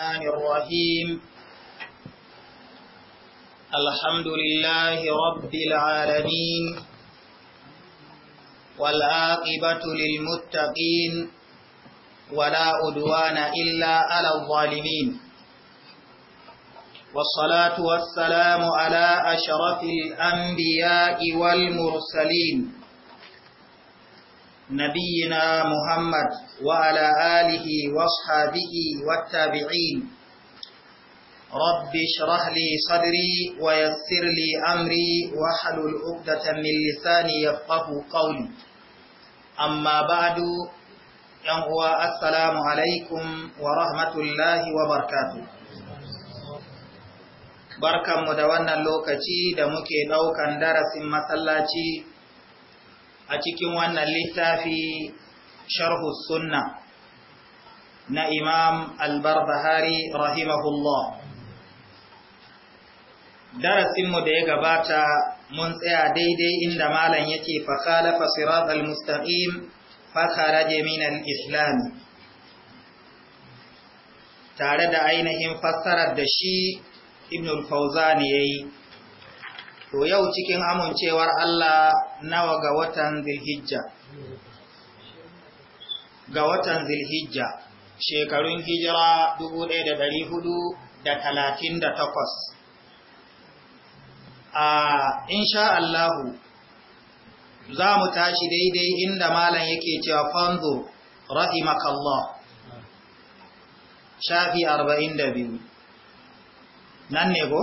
الرحمن الرحيم الحمد لله رب العالمين والعاقبة للمتقين ولا أدوان إلا على الظالمين والصلاة والسلام على أشرف الأنبياء والمرسلين نبينا محمد وعلى آله واصحابه والتابعين رب اشرح لي صدري ويسر لي أمري واحلل عقدة من لساني يفقه قولي أما بعد ينقوى السلام عليكم ورحمة الله وبركاته barkanmu da wannan lokaci da muke ɗaukan darasin masallaci a cikin wannan littafi sharhu sunna na imam albarbahari rahimahullah darasinmu da ya gabata mun tsaya daidai inda malam yake fakalafa sirat al-mustaqim fakaraje min al-islami tare da ainihin fassarar da shi ibn al yayi to yau cikin amincewar Allah nawa ga watan zilhijja ga watan zilhijja shekarun hijira 1438 a insha Allahu za mu tashi daidai inda malam yake cewa fanzo rahimakallah shafi 42 nan ne ko?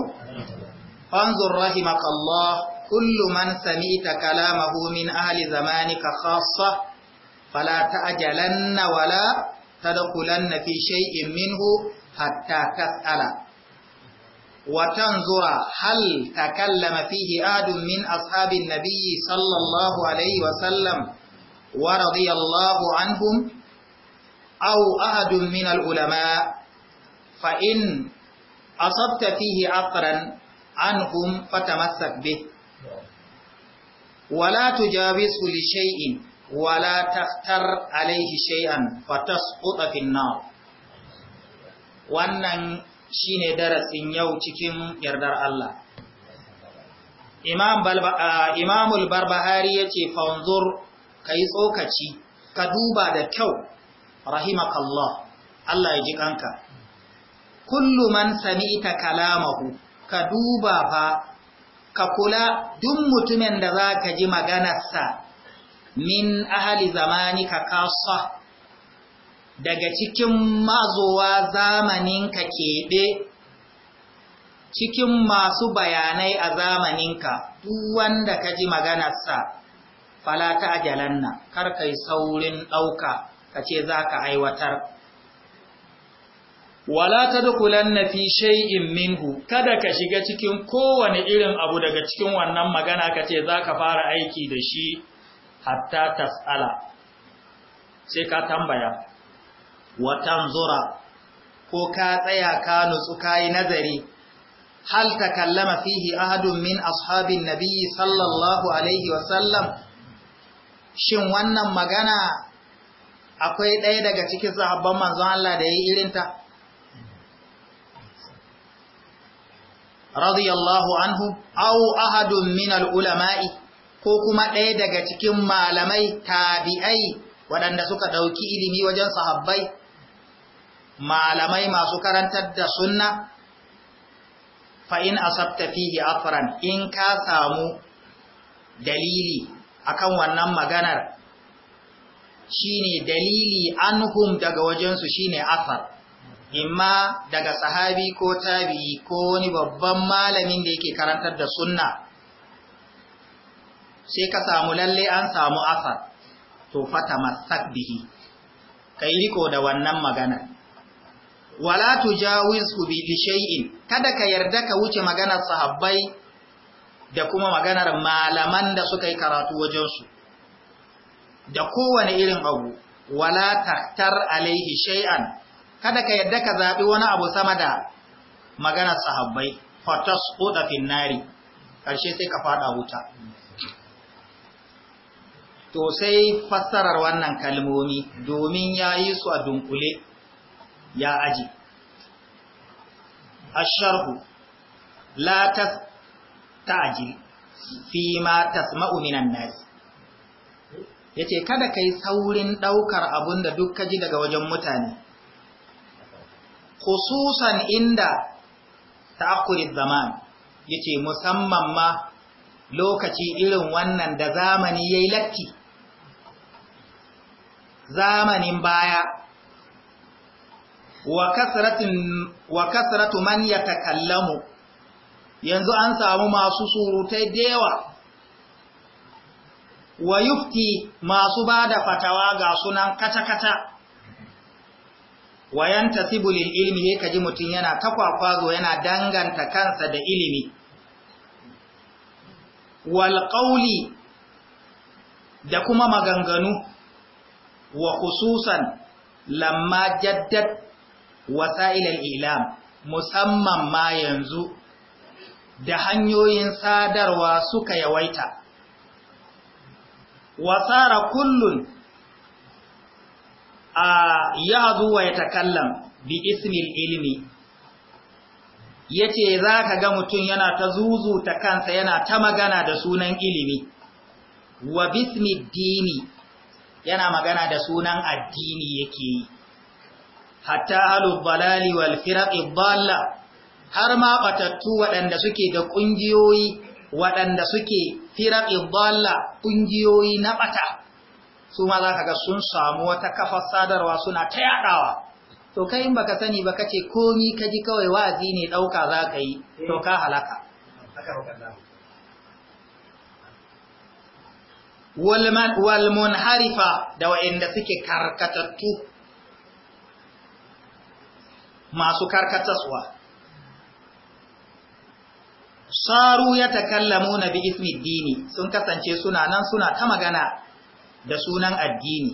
فانظر رحمك الله كل من سمعت كلامه من أهل زمانك خاصة فلا تأجلن ولا تدخلن في شيء منه حتى تسأل وتنظر هل تكلم فيه أحد من أصحاب النبي صلى الله عليه وسلم ورضي الله عنهم أو أحد من العلماء فإن أصبت فيه عقرا anhum fatamassak bih wala tujawizu li shay'in wala taftar alaihi shay'an fatasquta fin nar wannan shine darasin yau cikin yardar Allah Imam Balba Imam al-Barbahari yace fanzur kai tsokaci ka duba da kyau rahimakallah Allah ya ji kanka kullu man sami'ta kalamahu ka duba fa ka kula duk mutumin da za ka ji maganarsa min ahali zamani ka kasa daga cikin mazowa zamaninka keɓe cikin masu bayanai a zamaninka duk wanda ka ji maganarsa falata ajalanna kar kai saurin ɗauka ka ce za ka aiwatar wala tadkhulanna fi shay'in minhu kada ka shiga cikin kowane irin abu daga cikin wannan magana kace zaka fara aiki da shi hatta tasala sai ka tambaya wa tanzura ko ka tsaya ka nutsu kai nazari hal takallama fihi ahadun min ashabin nabiyyi sallallahu alaihi wa sallam shin wannan magana akwai ɗaya daga cikin sahabban manzon Allah da yayi irinta radiyallahu anhu aw ahadun min ulamai ko kuma ɗaya daga cikin malamai tabi'ai waɗanda suka ɗauki ilimi wajen sahabbai malamai masu karantar da sunna fa in asabta fihi afran in ka samu dalili akan wannan maganar shine dalili anhum daga wajensu shine asar imma daga sahabi ko tabi ko wani babban malamin da yake karantar da sunna sai ka samu lalle an samu asar to fata masak bihi kai riko da wannan magana wala ku bi shay'in kada ka yarda ka wuce maganar sahabbai da kuma maganar malaman da suka yi karatu wajen su da kowane irin abu wala taktar alaihi shay'an kada ka yadda ka zaɓi wani abu sama da maganar sahabbai fatas huda finari ƙarshe sai ka faɗa wuta to sai fassarar wannan kalmomi domin ya yi su a dunkule ya aji asharhu la tas ta'ji fi ma tasma'u minan Ya yace kada ka yi saurin ɗaukar abun da duk ka ji daga wajen mutane khususan inda ta'akkurid zaman yace musamman ma lokaci irin wannan da zamani yayi latti zamanin baya wa kasratin wa kasratu man yatakallamu yanzu an samu masu surutai dewa wa yufti masu bada fatawa ga sunan kata-kata wayan tasibu lil ilmi he kaji mutun yana takwafazo yana danganta kansa da ilimi wal qawli da kuma maganganu wa khususan lamma jaddat wasa'il al ilam musamman ma yanzu da hanyoyin sadarwa suka yawaita wasara kullun zuwa wa takallam bi ismil ilmi yace ka ga mutum yana ta zuzuta kansa yana ta magana da sunan ilimi wa bismi dini yana magana da sunan addini yake yi hatta alu balali wal firaqi dalla har ma batattu waɗanda suke da ƙungiyoyi waɗanda suke firaqi dalla ƙungiyoyi na bata su ma za ka ga sun samu wata kafa sadarwa suna ta yaɗawa to kai in baka sani ba kace komi kaji kawai wazi ne ɗauka za ka yi to ka halaka walmun harifa da wa'inda suke karkatattu masu karkatarwa. saru ya takallamu na bi ismi dini sun kasance suna nan suna ta magana da sunan addini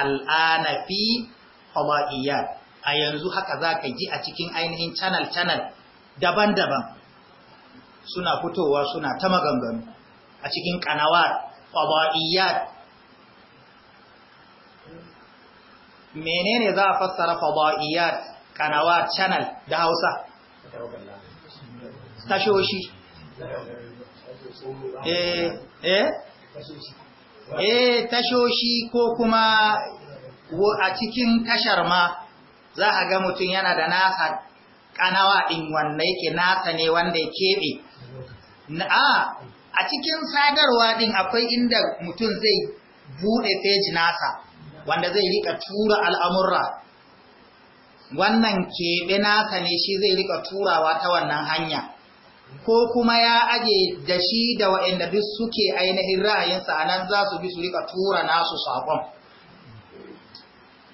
al'ana fi qada'iyyat a yanzu haka za ka ji a cikin ainihin canal-canal daban-daban suna fitowa suna ta maganganu a cikin kanawar qada'iyyat menene za a fassara fada'iyat kanawar canal da Hausa tashoshi eh eh eh tashoshi ko kuma a cikin tashar ma za a ga mutum yana da nasa kanawa in wanda yake nasa ne wanda ya keɓe a a cikin sadarwa din akwai inda mutum zai buɗe feji nasa wanda zai rika tura al'amurra wannan keɓe nasa ne shi zai rika turawa ta wannan hanya ko kuma ya aje da shi da waɗanda duk suke ainihin ra'ayinsa a nan za su bi su rika tura nasu saƙon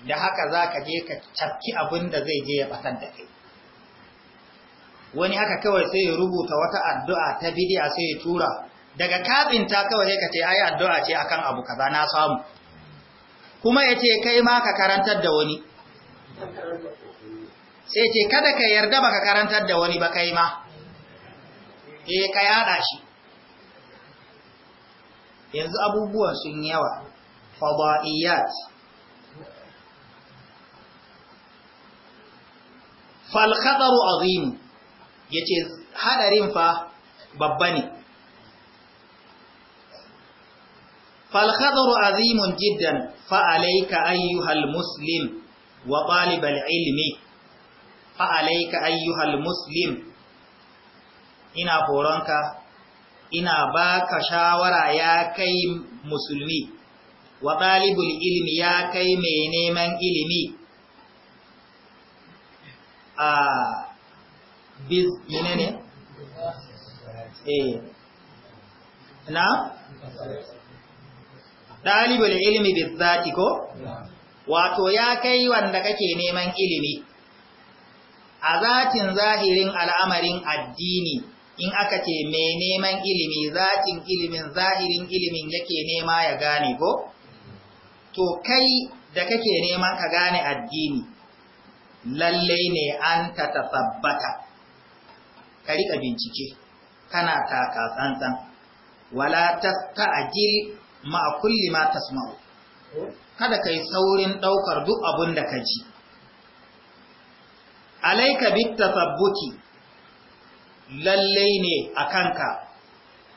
da haka za ka je ka cafki abin da zai je ya ɓatar da kai wani haka kawai sai ya rubuta wata addu'a ta bidiya sai ya tura daga kafinta kawai sai ka ce ai addu'a ce akan abu kaza na samu kuma ya ce kai ma ka karantar da wani sai ce kada ka yarda baka karantar da wani ba kai ma eh ka yada shi yanzu abubuwan sun yawa fada'iyat fal khataru azim yace hadarin fa babba ne fal khataru azimun jiddan fa alayka ayyuhal muslim wa talibal ilmi fa alayka ayyuhal muslim ina horonka ina baka shawara ya kai musulmi wa ɗalibul ilmi ya kai mai neman ilimi a biz ne ne? eh na? ɗalibul ilmi bizzati ko? wato ya kai wanda kake neman ilimi a zatin zahirin al'amarin addini in aka ce mai neman ilimi zatin ilimin zahirin ilimin yake nema ya gane ko to kai da kake neman ka gane addini lalle ne an ta tabbata ka rika bincike kana taka tsantsan wala tasta'jil ma kulli ma tasma'u kada kai saurin daukar duk abun da ka ji alaika bit tasabbuti lalle ne a kanka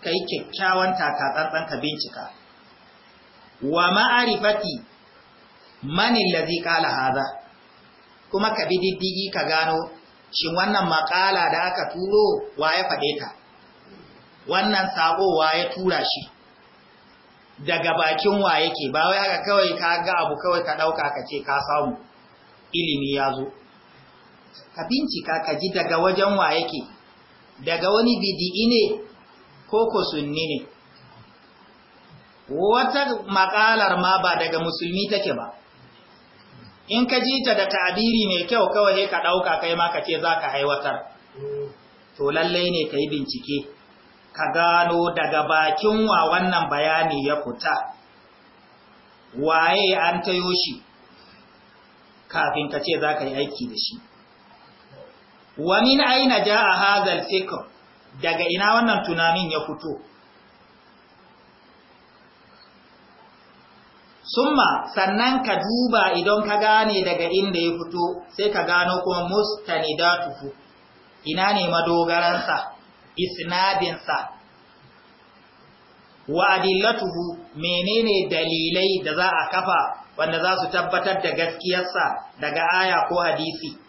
ka yi kyakkyawan takatsantsan ka bincika wa ma'arifati manin lazi kala haza kuma ka bi diddigi ka gano shi wannan maƙala da aka turo wa ya faɗe ta wannan sako wa ya tura shi daga bakin wa yake ba wai aka kawai ka ga abu kawai ka ɗauka ka ce ka samu ilimi ya zo ka bincika ka ji daga wajen wa yake daga wani bidi'i ne ko ko sunni ne wata makalar ma ba daga musulmi take ba in ka ji ta da ta'abiri mai kyau kawai ka ɗauka kai ma ka ce za ka aiwatar to lallai ne kayi bincike ka gano daga bakin wa wannan bayani ya fita waye an tayo shi kafin ka ce za ka yi aiki da shi wa min aina jaa hadha al-fikr daga ina wannan tunanin ya fito summa sannan ka duba idan ka gane daga inda ya fito sai ka gano kuma mustanidatuhu ina ne madogaran sa, madogaransa sa. wa adillatuhu menene dalilai da za a kafa wanda za su tabbatar da gaskiyarsa daga aya ko hadisi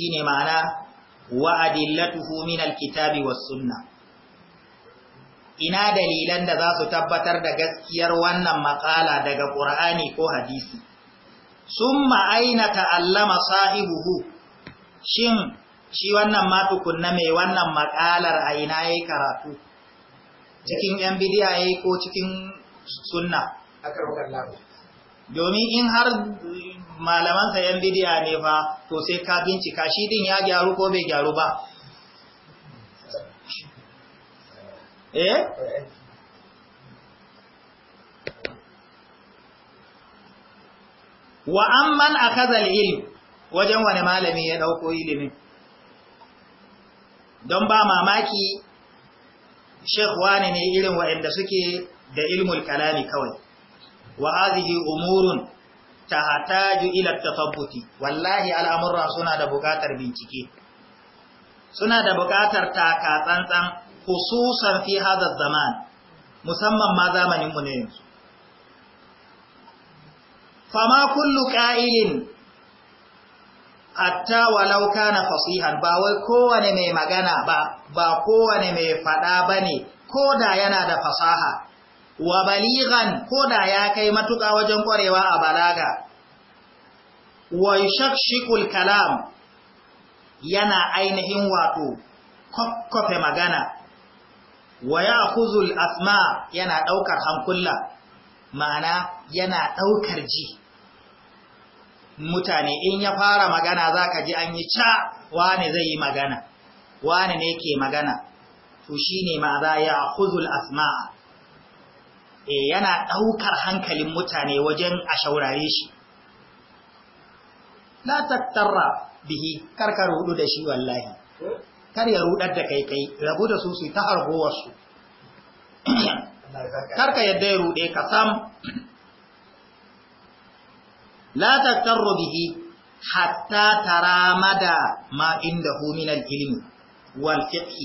ne ma'ana wa adillatuhu min alkitabi was sunna ina dalilan da za su tabbatar da gaskiyar wannan maƙala daga ƙur'ani ko hadisi sun aina ta'allama sahibuhu shin shi wannan matukunna mai wannan maƙalar a ina yayi karatu cikin yan bidiya ko cikin sunna domin in har Malamansa 'yan bidiya ne fa to sai ka bincika shi din ya gyaru ko bai gyaru ba eh wa amman akaza ilm wajen wani malami ya dauko ilimin don ba mamaki Sheikh wani ne irin waɗanda suke da ilmul kalami kawai wa hadhihi umurun Ta hata ju ila tafabbuti wallahi al'amurra suna da buƙatar bincike suna da buƙatar taka tsantsan hususan fi hada zaman musamman ma zamanin mu ne yanzu ma kullu qa'ilin hatta walau kana fasihan ba wai kowane mai magana ba ba kowane mai fada bane koda yana da fasaha wa baligan koda ya kai matuƙa wajen ƙwarewa a balaga wa shakshikul kalam yana ainihin wato kokkofe magana wa ya'khuzul asma yana daukar hankula ma'ana yana daukar ji mutane in ya fara magana zaka ji an yi ca wane zai yi magana wane ne yake magana to shine ma'ana ya'khuzul asma e yana ɗaukar hankalin mutane wajen a shaurare shi la tattarra bihi karkar hudu da shi wallahi kar ya rudar da kai kai rabu da su su ta harbowar su karka yadda ya rude ka sam la tattarru bihi hatta taramada ma inda min ilimi, ilmi wal fiqh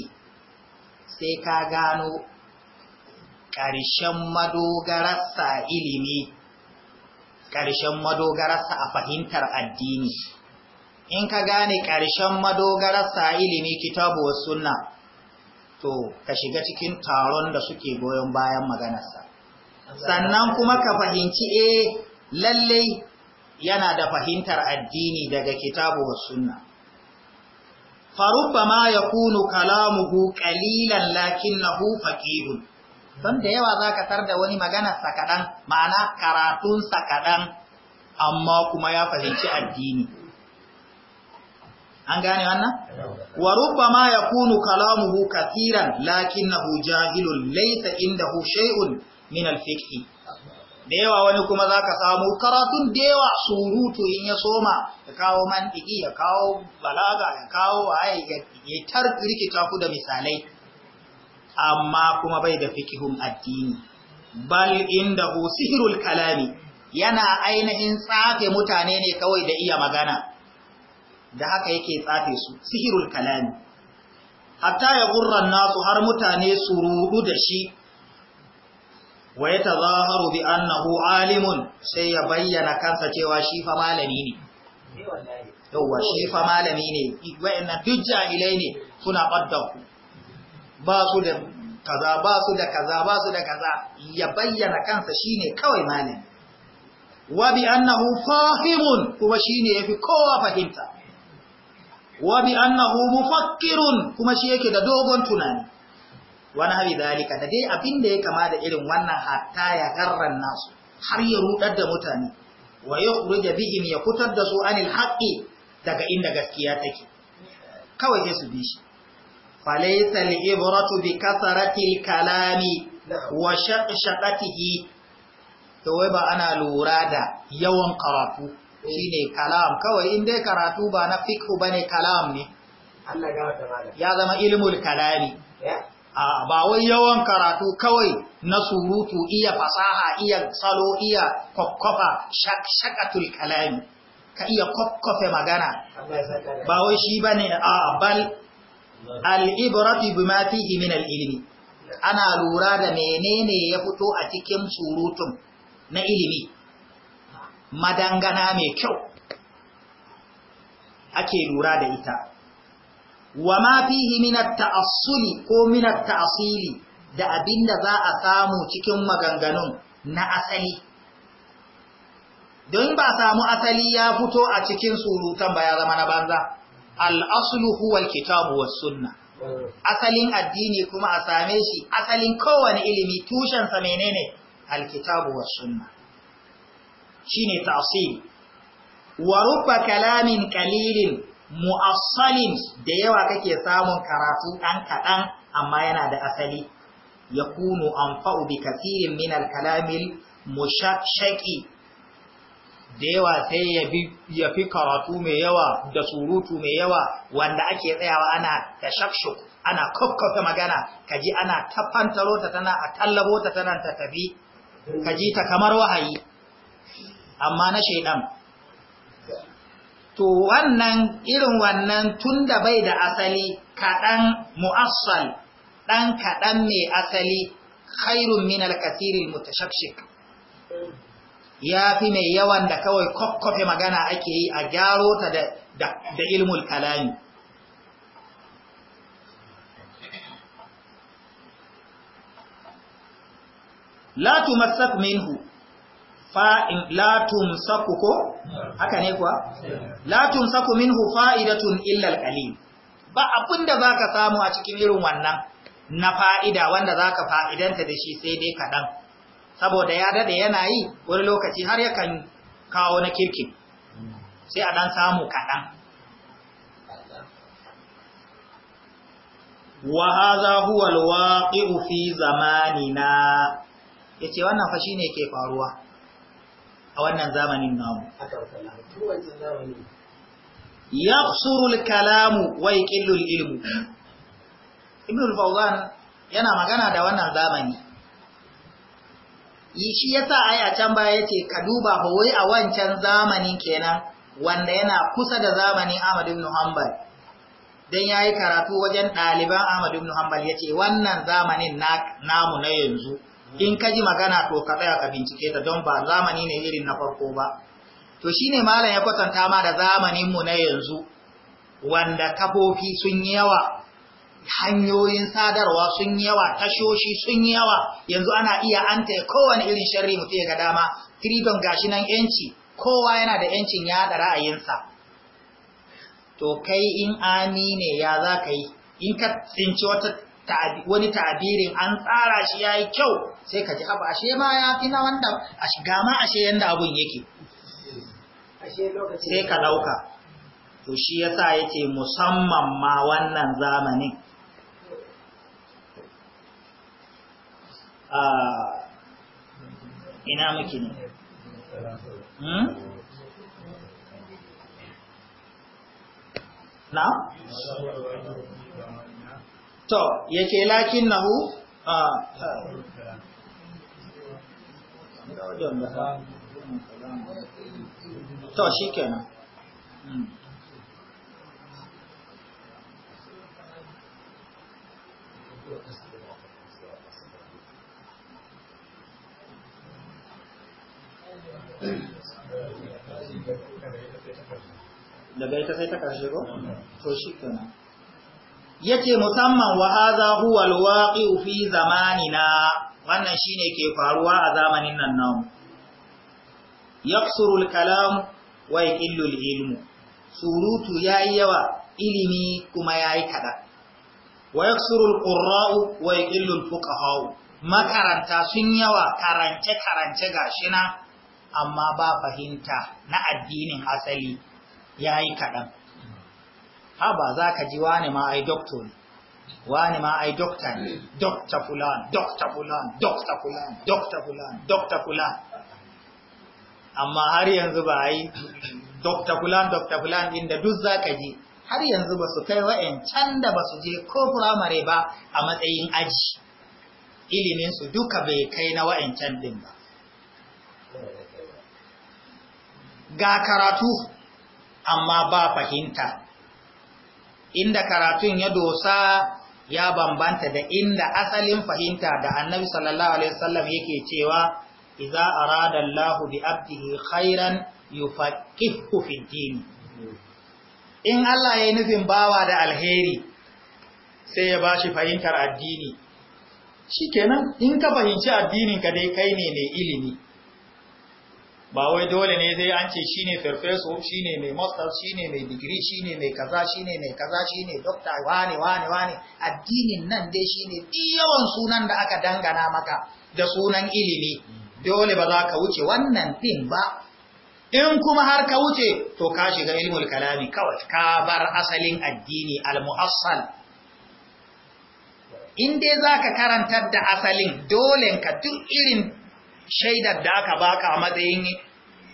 sai ka gano ƙarshen madogararsa ilimi ƙarshen madogararsa a fahimtar addini in ka gane ƙarshen madogararsa ilimi kitabu wa sunna to ka shiga cikin taron da suke goyon bayan maganarsa sannan kuma ka fahimci e lallai yana da fahimtar addini daga kitabu wa sunna farubba ma ya kunu kalamuhu ƙalilan lakin na hu don da yawa za ka tar da wani maganarsa kaɗan ma'ana karatunsa kaɗan amma kuma ya fahimci addini an gane wannan wa ya yakunu kalamuhu katiran lakinnahu jahilun laysa indahu shay'un min al-fiqh da yawa wani kuma za ka samu karatun da yawa surutu in ya soma ya kawo mantiki ya kawo balaga ya kawo waye ya tarkirki rikita ku da misalai amma kuma bai da fikihun addini bal inda sihirul kalami yana ainihin tsafe mutane ne kawai da iya magana da haka yake tsafe su sihirul kalami hatta ya gurran nasu har mutane su rudu da shi wa ya tazaharu bi annahu alimun sai ya bayyana kansa cewa shi fa malami ne yauwa shi fa malami ne wa'annan duk jahilai ne suna qaddaku ba su da kaza ba su da kaza ba su da kaza ya bayyana kansa shine kawai malami wa bi annahu fahimun kuma shine yafi kowa fahimta wa bi annahu mufakkirun kuma shi yake da dogon tunani wani hari dalika da dai abin da ya kama da irin wannan hatta ya garran nasu har ya rudar da mutane wa yukhrija bihim ya kutar da su anil haqqi daga inda gaskiya take kawai sai su bi shi falaisa al'ibratu bi kasaratil kalami wa ba ana lura da yawan karatu shine kalam kawai in dai karatu ba na fiqh bane kalam ne ya zama ilmul kalami a ba wai yawan karatu kawai na surutu iya fasaha iya salo iya kokkofa shakatul kalami ka iya kokkofe magana ba wai shi bane a bal al’ibarati bi mafi min ilimi. ana lura da menene ya fito a cikin surutun na ilimi madangana mai kyau ake lura da ita wa ma fihi ta'asuli ko ko minar abin da abinda za a samu cikin maganganun na asali don ba samu asali ya fito a cikin surutan ba ya zama na banza al'asulu huwal kitabu was sunna asalin addini kuma a same shi asalin kowane ilimi tushensa menene alkitabu was sunna shine tafsir wa rubba kalamin ƙalilin mu'assalin da yawa kake samun karatu ɗan kaɗan amma yana da asali ya kunu an fa'u bi kasirin min alkalamil mushashaki da yawa sai ya fi karatu mai yawa da surutu mai yawa wanda ake tsayawa ana da shakshuk ana kakkafe magana kaji ana tafantaro ta tana a tallabo ta tana ta tafi kaji ta kamar wahayi amma na shaidan to wannan irin wannan tunda bai da asali kaɗan mu'assal ɗan kaɗan mai asali khairun min alkasirin mutashakshik ya fi mai yawan da kawai kokkofe magana ake yi a gyaro ta da ilmul kalami la masak minhu fa'in la tumsaku ko haka ne kuwa la tumsaku minhu fa'idatun illal alqalil ba abinda zaka samu a cikin irin wannan na fa'ida wanda za ka fa'idanta da shi sai dai kaɗan. saboda ya dade yana yi wani lokaci har yakan kawo na kirki sai a dan samu kaɗan wa haza huwa alwaqi'u fi zamanina yace wannan fa shine ke faruwa a wannan zamanin namu yaqsuru kalamu wa yaqillu alilmu ibn al yana magana da wannan zamani shi yasa ai a can baya yace ka duba fa a wancan zamanin kenan wanda yana kusa da zamanin Ahmad ibn Hanbal dan yayi karatu wajen ɗaliban Ahmad ibn Hanbal ce wannan zamanin namu na yanzu in ka ji magana to ka tsaya ka bincike ta don ba zamani ne irin na farko ba to shine malam ya kwatanta ma da zamanin mu na yanzu wanda kafofi sun yi yawa hanyoyin sadarwa sun yawa tashoshi sun yawa yanzu ana iya anta kowane irin sharri mutum ga dama freedom gashi nan yanci kowa yana da yancin yaɗa ra'ayinsa to kai in ami ne ya za ka yi in ka tsinci wani ta'abirin an tsara shi ya yi kyau sai ka ji abu ashe ma ya fi na wanda gama ashe yanda abun yake sai ka ɗauka to shi yasa yake musamman ma wannan zamanin a ina muke ne hmm? na? to yake lakin na hu a to shi kenan hmm. daga ita sai ta karshe ko to shi yace musamman wa hadha huwa alwaqi'u fi zamanina wannan shine ke faruwa a zamanin nan namu yaksuru alkalam wa yaqillu alilmu surutu yayi yawa ilimi kuma yayi kada wa yaksuru ƙura'u wa yaqillu alfuqaha'u makaranta sun yawa karance karance gashina amma ba fahimta na addinin asali ya yi kaɗan ba za ka ji wani ma ai doktor ne wani ma ai dokta ne dokta fulan dokta fulan dokta fulan dokta fulan dokta fulan amma har yanzu ba ai dokta fulan dokta fulan inda duk za ka ji har yanzu ba su kai can da ba su je ko firamare ba a matsayin aji iliminsu duka bai kai na can ɗin ba ga karatu amma ba fahimta inda karatun ya dosa ya bambanta da inda asalin fahimta da annabi sallallahu alaihi wasallam yake cewa idza arada Allahu bi abdihi khairan yufaqihu fi din in Allah yayin nufin bawa da alheri sai ya bashi fahimtar addini shikenan in ka fahimci addinin ka dai kai ne mai ilimi ba wai dole ne sai an ce shine farfeso shine mai master shine mai digiri shine mai kaza shine mai kaza shine doctor wane wane wane addinin nan dai shine yawan sunan da aka dangana maka da sunan ilimi dole ba za ka wuce wannan din ba in kuma har ka wuce to ka shiga ilmul kalami kawai ka bar asalin addini al-mu'assal in dai zaka karantar da asalin dole ka duk irin shaidar da aka baka a matsayin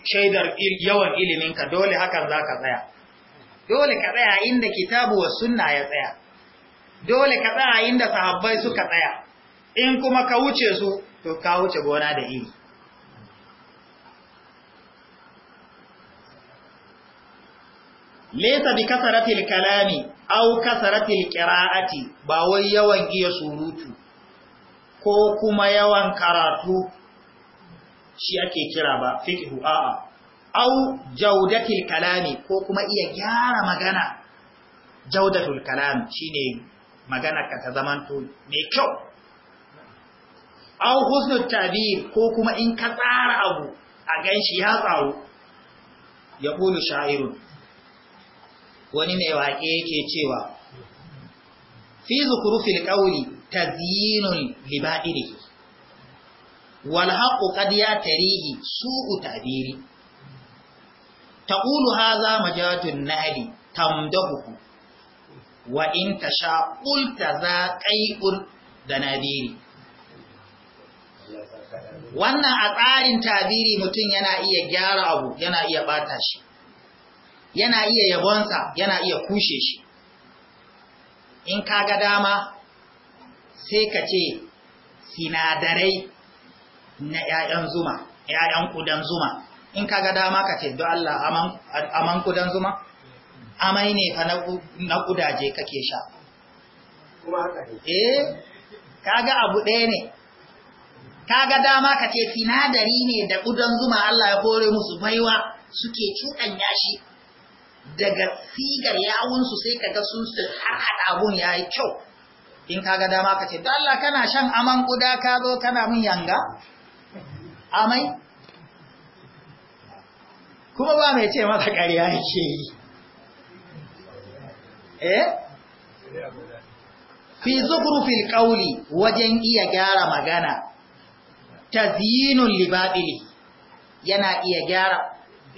shaidar yawan iliminka dole hakan za ka tsaya dole ka tsaya inda kitabu wa sunna ya tsaya dole ka tsaya inda sahabbai suka tsaya in kuma ka wuce su to ka wuce gona da iri Lesa bi kasaratil kalami au kasaratil qira'ati ba wai yawan iya surutu ko kuma yawan karatu shi ake kira ba fiqhu a'a au jawdatul kalami ko kuma iya gyara magana jaudatul kalam shine magana ka ta zamanto mai kyau au husnul tabir ko kuma in ka tsara abu a ganshi ya tsaro ya kulu sha'irun wani mai waƙe yake cewa fi zukurufil qawli tazyinul libadirihi wal haqqu qad ya tarihi su'u tabiri taqulu hadha majatun nahli tamdahu wa in tasha qulta za qai'un danabiri wannan a tsarin tabiri mutum yana iya gyara abu yana iya bata shi yana iya yabonsa yana iya kushe shi in ka ga dama sai ka ce sinadarai na ‘ya'yan zuma, ‘ya'yan kudan zuma, in ka ga dama ka ce, don Allah aman kudan zuma? Amai ne fa na kudaje kake sha. Eh, ka ga abu ɗaya ne, ka ga dama ka ce sinadari ne da kudan zuma Allah ya kore musu baiwa suke cuɗanya shi. Daga sigar yawunsu sai ka ga sun har haɗa abun ya yi kyau, in ka ga dama ka ce, don Allah kana shan aman kuda ka zo kana mun yanga? amai kuma ba mai ce masa ƙarya ke yi eh fi fil qawli wajen iya gyara magana tazyinul libadili yana iya gyara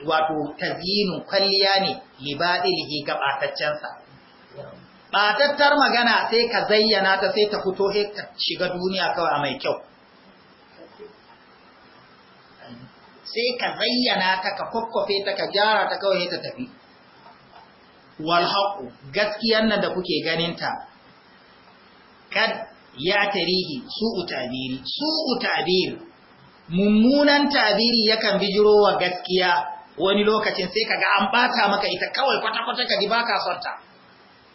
wato tazyinu kwalliya ne libadilihi ga bataccensa Ɓatattar magana sai ka zayyana ta sai ta fito sai ka shiga duniya kawai mai kyau sai ka zayyana ta ka kwakwafe ta ka gyara ta kawai ta tafi walhaƙu gaskiyan nan da kuke ganinta kad ya tarihi su utabiri. Su tabiri mummunan tabiri yakan bijiro wa gaskiya wani lokacin sai ka ga an bata maka ita kawai kwata-kwata ka ji baka sonta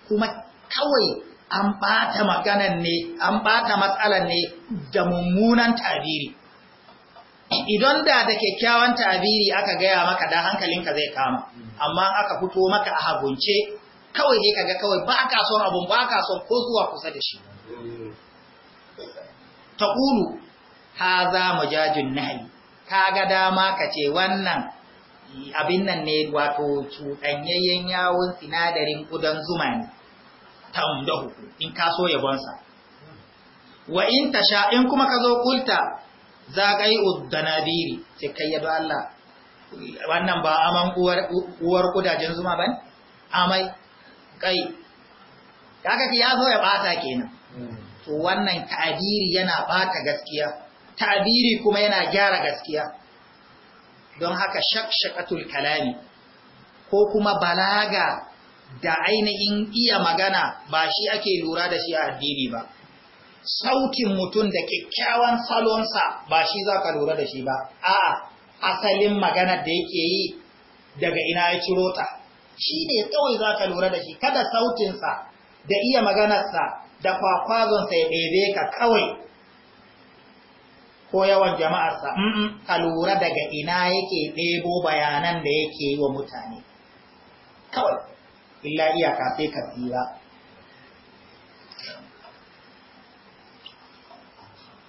kuma kawai an bata maganan ne an bata matsalan ne da mummunan tabiri idan da da kyakkyawan tabiri aka gaya maka da hankalinka zai kama amma aka fito maka a hagunce kawai ne kaga kawai ba ka son abun ba ka son ko zuwa kusa da shi taqulu haza majajun nahi kaga dama kace wannan abin nan ne wato cuɗanyayyen yawun sinadarin kudan zuma ne ta umdahu in ka so yabonsa wa in tasha in kuma ka zo kulta Za ka zagai biri ce kai yado Allah wannan ba aman uwar kudajen zuma ne? amai kai kaga ya zo ya bata kenan hmm. to wannan ta'abiri yana bata gaskiya ta'abiri kuma yana gyara gaskiya don haka shakshakatul kalami ko kuma balaga da ainihin iya magana ba shi ake lura da shi a addini ba sautin mutum da kyakkyawan salonsa ba shi za ka lura da shi ba a'a asalin maganar da yake yi daga ina ya ciro ta shi ne kawai za ka lura da shi kada sautinsa da iya maganarsa da kwakwazonsa ya ɗebe ka kawai ko yawan jama'arsa ka lura daga ina yake ɗebo bayanan da yake yi wa mutane kawai illa iya sai ka tsira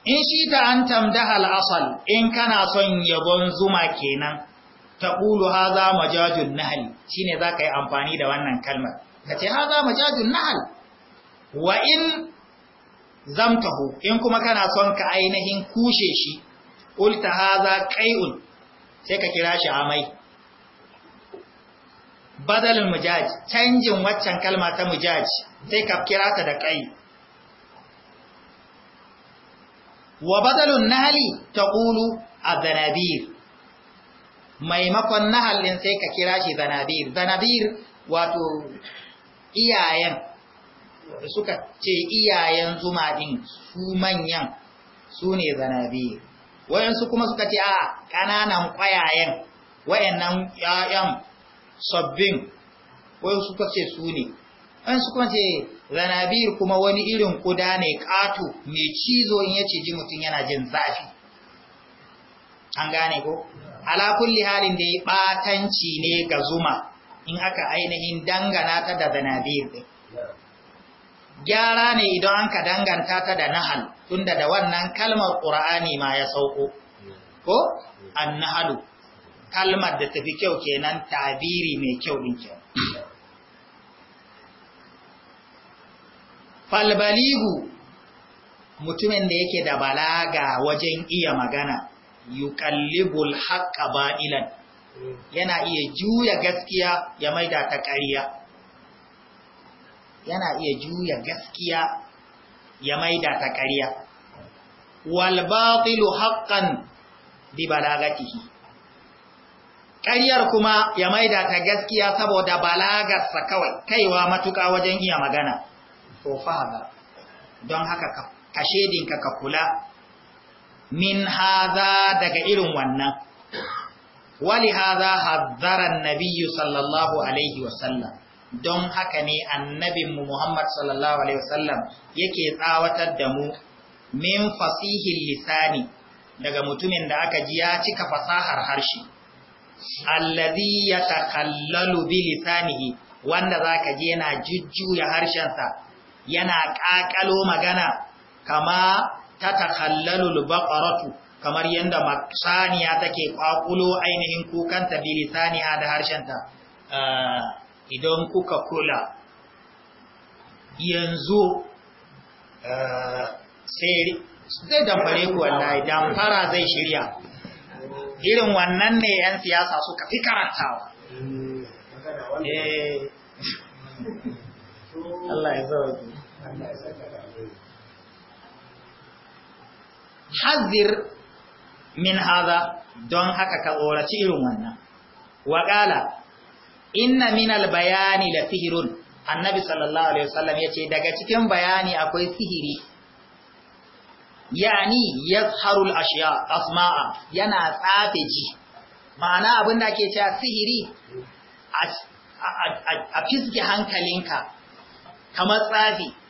in shi ta an tamda asal, in kana son yabon zuma kenan ta ƙulu za majajun nahal shi ne za ka yi amfani da wannan kalmar ka ce haza majajun nahal wa in zamtahu in kuma kana son ka ainihin kushe shi ulta haza kai'un sai ka kira shi amai badalin mujaj canjin waccan kalma ta mujaj sai ka kira ta da kai wa badalun nahali taqulu azanabir maimakon nahal din sai ka kira shi zanabir zanabir wato iyayen suka ce iyayen zuma din su manyan su ne zanabir wayansu kuma suka ce a ƙananan ƙwayayen wayannan 'ya'yan sabbin suka ce su ne an su kuma ce ranabir kuma wani irin kuda ne kato mai cizo in yace ji mutum yana jin zafi an gane ko ala kulli halin da ya ɓatanci ne ga zuma in aka ainihin dangana ta da ranabir din gyara ne idan an ka danganta ta da nahal tunda da wannan kalmar Qur'ani ma ya sauko ko annahalu kalmar da tafi kyau kenan tabiri mai kyau din kenan falbaligu mutumin da yake da balaga wajen iya magana yuqallibul haqqa ba'ilan yana iya juya gaskiya ya maida ta ƙarya yana iya juya gaskiya ya maida ta ƙarya wal batilu haqqan bi balagatihi ƙaryar kuma ya maida ta gaskiya saboda balagarsa kawai kaiwa matuƙa wajen iya magana Tofa fahadar don haka ka shedinka ka kula min haza daga irin wannan wali haza hazzaran nabiyyu sallallahu alaihi wasallam don haka ne annabinmu Muhammad sallallahu alaihi wasallam yake tsawatar da mu min fasihin lisani daga mutumin da aka ji ya cika fasahar harshe allazi takallalu bi lisanihi wanda zaka ji yana jujjuya harshensa yana ƙaƙalo magana kama ta takallalu baqaratu kamar yanda saniya take kwakulo ainihin kukanta bilisaniya da harshenta eh, idan kuka kula yanzu eh, sai zai damfare ku wallahi damfara zai shirya irin wannan ne 'yan siyasa suka fi karantawa hmm, eh. Allah ya zaune hazir min haza don haka ka tsoraci irin wannan waƙala inna minal bayani da sihirun annabi sallallahu alaihi wasallam ya ce daga cikin bayani akwai sihiri yani yazharul ashiya asma'a yana tsafe ji ma'ana abin da ke cewa sihiri a fiske hankalinka kamar tsafi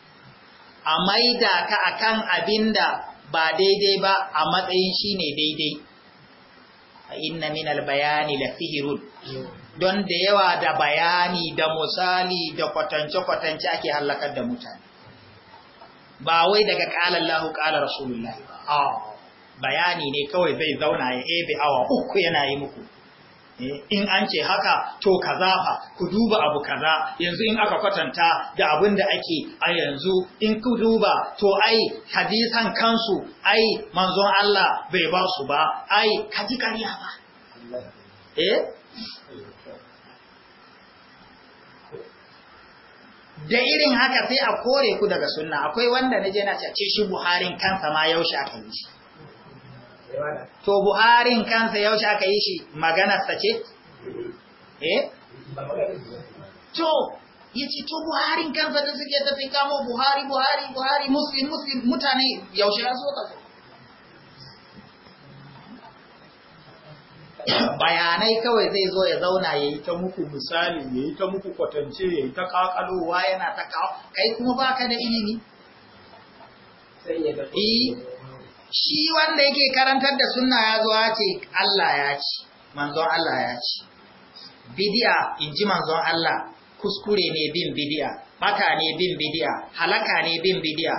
a maida ka kan abin da ba daidai ba a matsayin shi ne daidai a inna minal bayani da fihirun, don da yawa da bayani da misali da kwatance-kwatance ake hallakar da mutane ba wai daga ƙalallahu ƙalar rasulullahi ba bayani ne kawai zai zauna ya ebe awa uku yana yi muku in an ce haka to kaza fa ku duba abu kaza yanzu in aka kwatanta da abin da ake a yanzu in ku duba to ai hadisan kansu ai manzon Allah bai ba su ba ai kaji ƙarya ba eh? da irin haka sai a kore ku daga sunna akwai wanda naje na ce shi Buharin kansa ma yaushe aka yi shi to buharin kansa yaushe aka yi shi maganarsa ce eh? to ya ce to buharin kansa da suke tafi kamo buhari buhari buhari muslim muslim mutane yaushe ya so su. bayanai kawai zai zo ya zauna ya yi ta muku misali ya yi ta muku kwatance ya yi ta kakalowa yana ta kawo kai kuma baka da ilimi shi wanda yake karantar da sunna ya zo ya ce Allah ya ci manzon Allah ya ci bidiya in ji manzon Allah kuskure ne bin bidiya bata ne bin bidiya halaka ne bin bidiya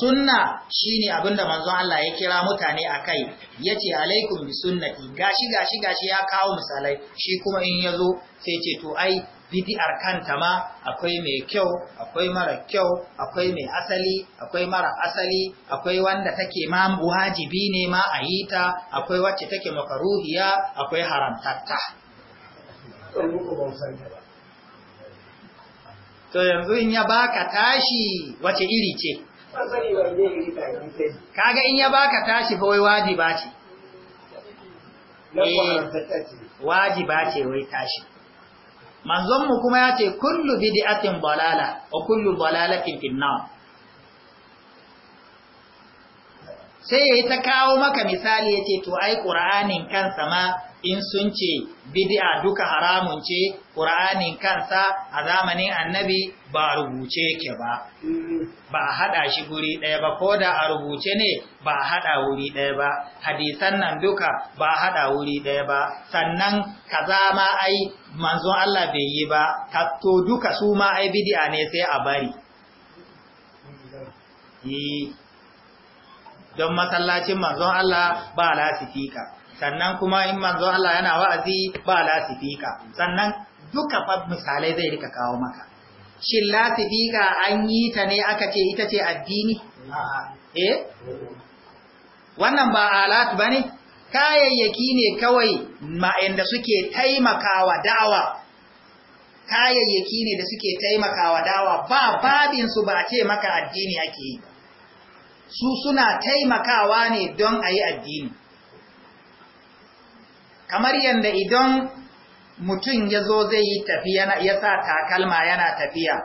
sunna shine abinda manzon Allah ya kira mutane a akai yace alaikum bi sunnati gashi gashi gashi ya kawo misalai shi kuma in yazo sai ce to ai bidi'ar kanta ma akwai mai kyau akwai mara kyau akwai mai asali akwai mara asali akwai wanda take ma wajibi ne ma a yi ta akwai wacce take makaruhiya akwai haramtatta to yanzu in ya baka tashi wace iri ce kaga in ya baka tashi fa wai wajiba ce eh, wajiba ce wai tashi Manzonmu kuma ya ce kullu bid'atin balala wa kullu balalatin finnar sai yayi ta kawo maka misali yace to ai qur'anin kansa ma in sun ce bid'a duka haramun ce qur'anin kansa a zamanin annabi ba rubuce yake ba ba a haɗa shi guri ɗaya ba ko da a rubuce ne ba a haɗa wuri ɗaya ba hadisan nan duka ba a haɗa wuri ɗaya ba sannan kaza ma ai manzon Allah bai yi ba to duka su ma ai bid'a ne sai a bari don masallacin manzon Allah ba lasifika sannan kuma in manzon Allah yana wa'azi ba lasifika sannan duka fa misalai zai rika kawo maka shin lasibiga an yi ta ne aka ce ita ce addini eh wannan ba alatu ba ne kayayyaki ne kawai ma'inda suke taimakawa da'awa kayayyaki ne da suke taimakawa da'awa, ba babinsu ba ce maka addini ake yi su suna taimakawa ne don a yi addini kamar yadda idan mutum ya zo zai yi tafiya ya sa takalma yana tafiya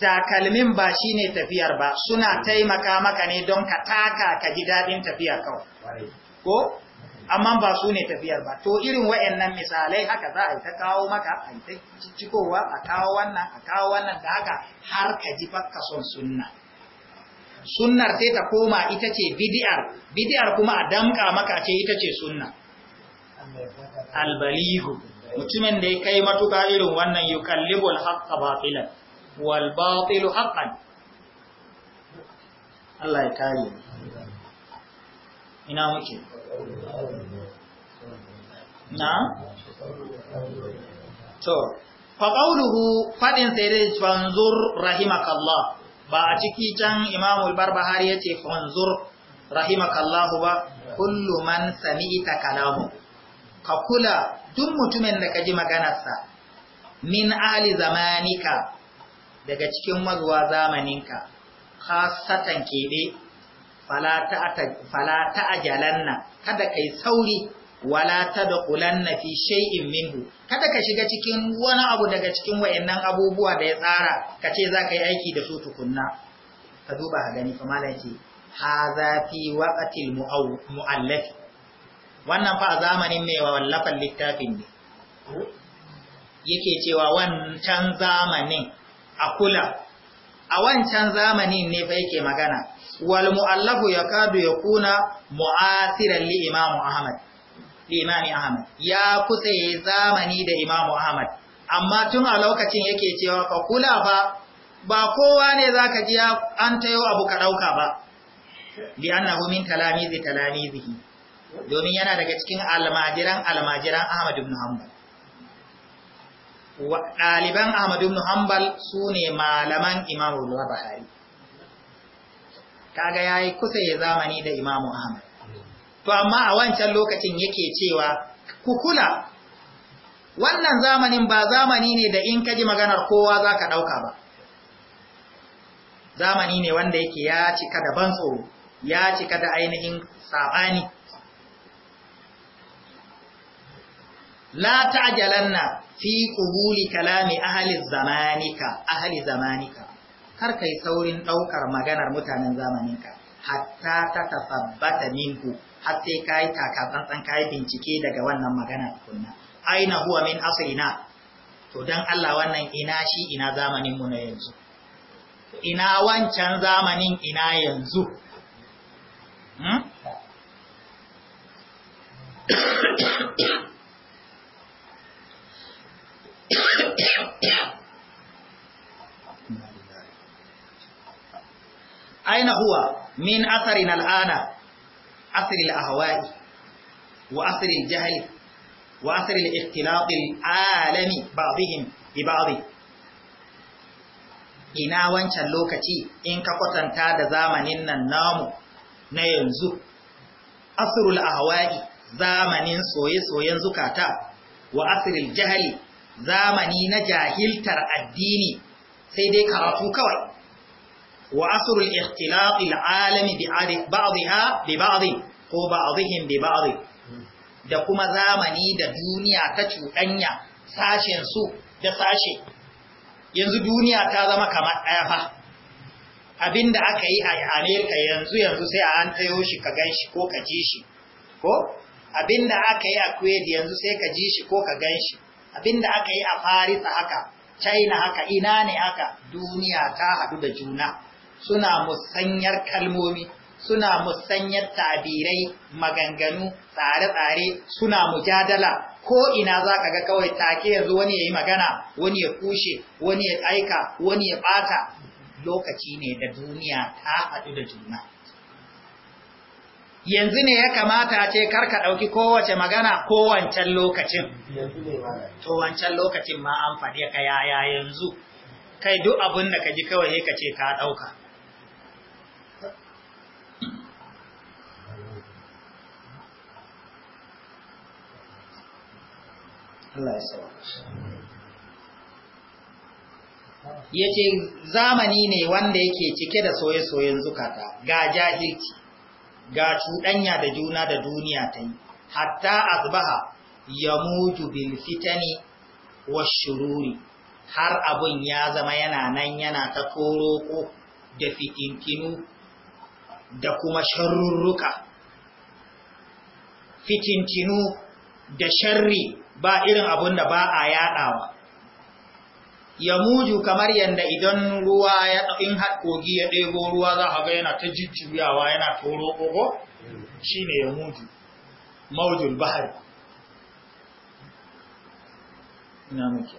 takalmin ba shi ne tafiyar ba suna taimaka maka ne don ka taka ka ji daɗin tafiya kawai ko amma ba su ne tafiyar ba to irin wa'annan misalai haka za a yi ta kawo maka a yi ta cikowa a kawo wannan a kawo wannan da haka har ka ji bakka son sunna sunnar sai ta koma ita ce bidiyar bidiyar kuma a damka maka ce ita ce sunna albalihu mutumin da ya kai matuka irin wannan yukallibul haqqa batilan wal batilu haqqan Allah ya kare ina muke na to fa faɗin fadin sai dai fanzur rahimakallah ba a ciki can imamul barbahari yace fanzur rahimakallahu ba kullu man sami'ta kalamu ka kula duk mutumin da kaji maganarsa min ali zamanika daga cikin mazuwa zamaninka khasatan kebe fala ta ajalanna kada kai sauri wala tadqulanna fi shay'in minhu kada ka shiga cikin wani abu daga cikin wayannan abubuwa da ya tsara kace ka yi aiki da su tukunna ka duba gani fa malaki hadha fi waqtil mu'allafi. wannan fa a zamanin mai wallafan littafin ne yake cewa wancan zamanin a kula a wancan zamanin ne fa yake magana wal mu'allafu ya kuna mu'asiran li imamu ahmad li imami ahmad ya yi zamani da imamu ahmad amma tun a lokacin yake cewa fa kula fa ba kowa ne za ka ji an tayo abu ka ɗauka ba bi annahu min talamizi talamizihi domin yana daga cikin almajiran almajiran Ahmad ibn Hanbal daliban Ahmad ibn Hanbal su ne malaman Imam Bukhari kaga yayi kusa ya zamani da Imam Ahmad to amma a wancan lokacin yake cewa ku kula wannan zamanin ba zamani ne da in kaji maganar kowa zaka dauka ba zamani ne wanda yake ya cika da ban tsoro ya cika da ainihin sabani la ta'jalanna fi qubuli kalami ahli zamanika ahli zamanika kar kai saurin ɗaukar maganar mutanen zamaninka hatta ta tasabbata minhu har sai kai taka tsantsan kai bincike daga wannan magana tukunna aina huwa min asrina to dan Allah wannan ina shi ina zamanin mu na yanzu ina wancan zamanin ina yanzu aina huwa min asarin al'ana asril ahwa'i wa asirin jahli wa asril alami ba'dihim bi ina wancan lokaci in ka kwatanta da zamanin nan namu na yanzu asrul ahwa'i zamanin soye-soyen zukata wa asirin jahli zamani na jahiltar addini sai dai karatu kawai wa asrul ikhtilati alami bi ko ba'dihim bi da kuma zamani da duniya ta cuɗanya sashen su da sashe yanzu duniya ta zama kamar ɗaya fa abinda aka yi a Amerika yanzu yanzu sai a an tayo shi ka ganshi ko ka ji shi ko abinda aka yi a Kuwait yanzu sai ka ji shi ko ka ganshi abinda aka yi a Paris haka China haka ina ne haka duniya ta hadu da juna suna musanyar kalmomi suna musanyar tabirai maganganu tsare-tsare suna mujadala ko ina za ka ga kawai take yanzu wani ya yi magana wani ya kushe wani ya aika wani ya bata lokaci ne da duniya ta haɗu da juna yanzu ne ya kamata ce karka ɗauki kowace magana ko lokacin to wancan lokacin ma an faɗi ka yaya yanzu kai duk abin da ka ji kawai ka ce ka ɗauka ya ce yace zamani ne wanda yake cike da soye-soyen zukata ga jahilci ga cuɗanya da juna da duniya ta yi hatta asbaha mutu bil wa shiruri, har abun ya zama yana nan yana ta koroko da fitinkinu da kuma sharurruka Fitinkinu da sharri ba irin abun da ba a yaɗawa. ya muju kamar yadda idan ruwa ya in har kogi ya ɗebo ruwa za a ga yana ta jujjuyawa yana toro kogo shi ne ya muju maujul bahari na muke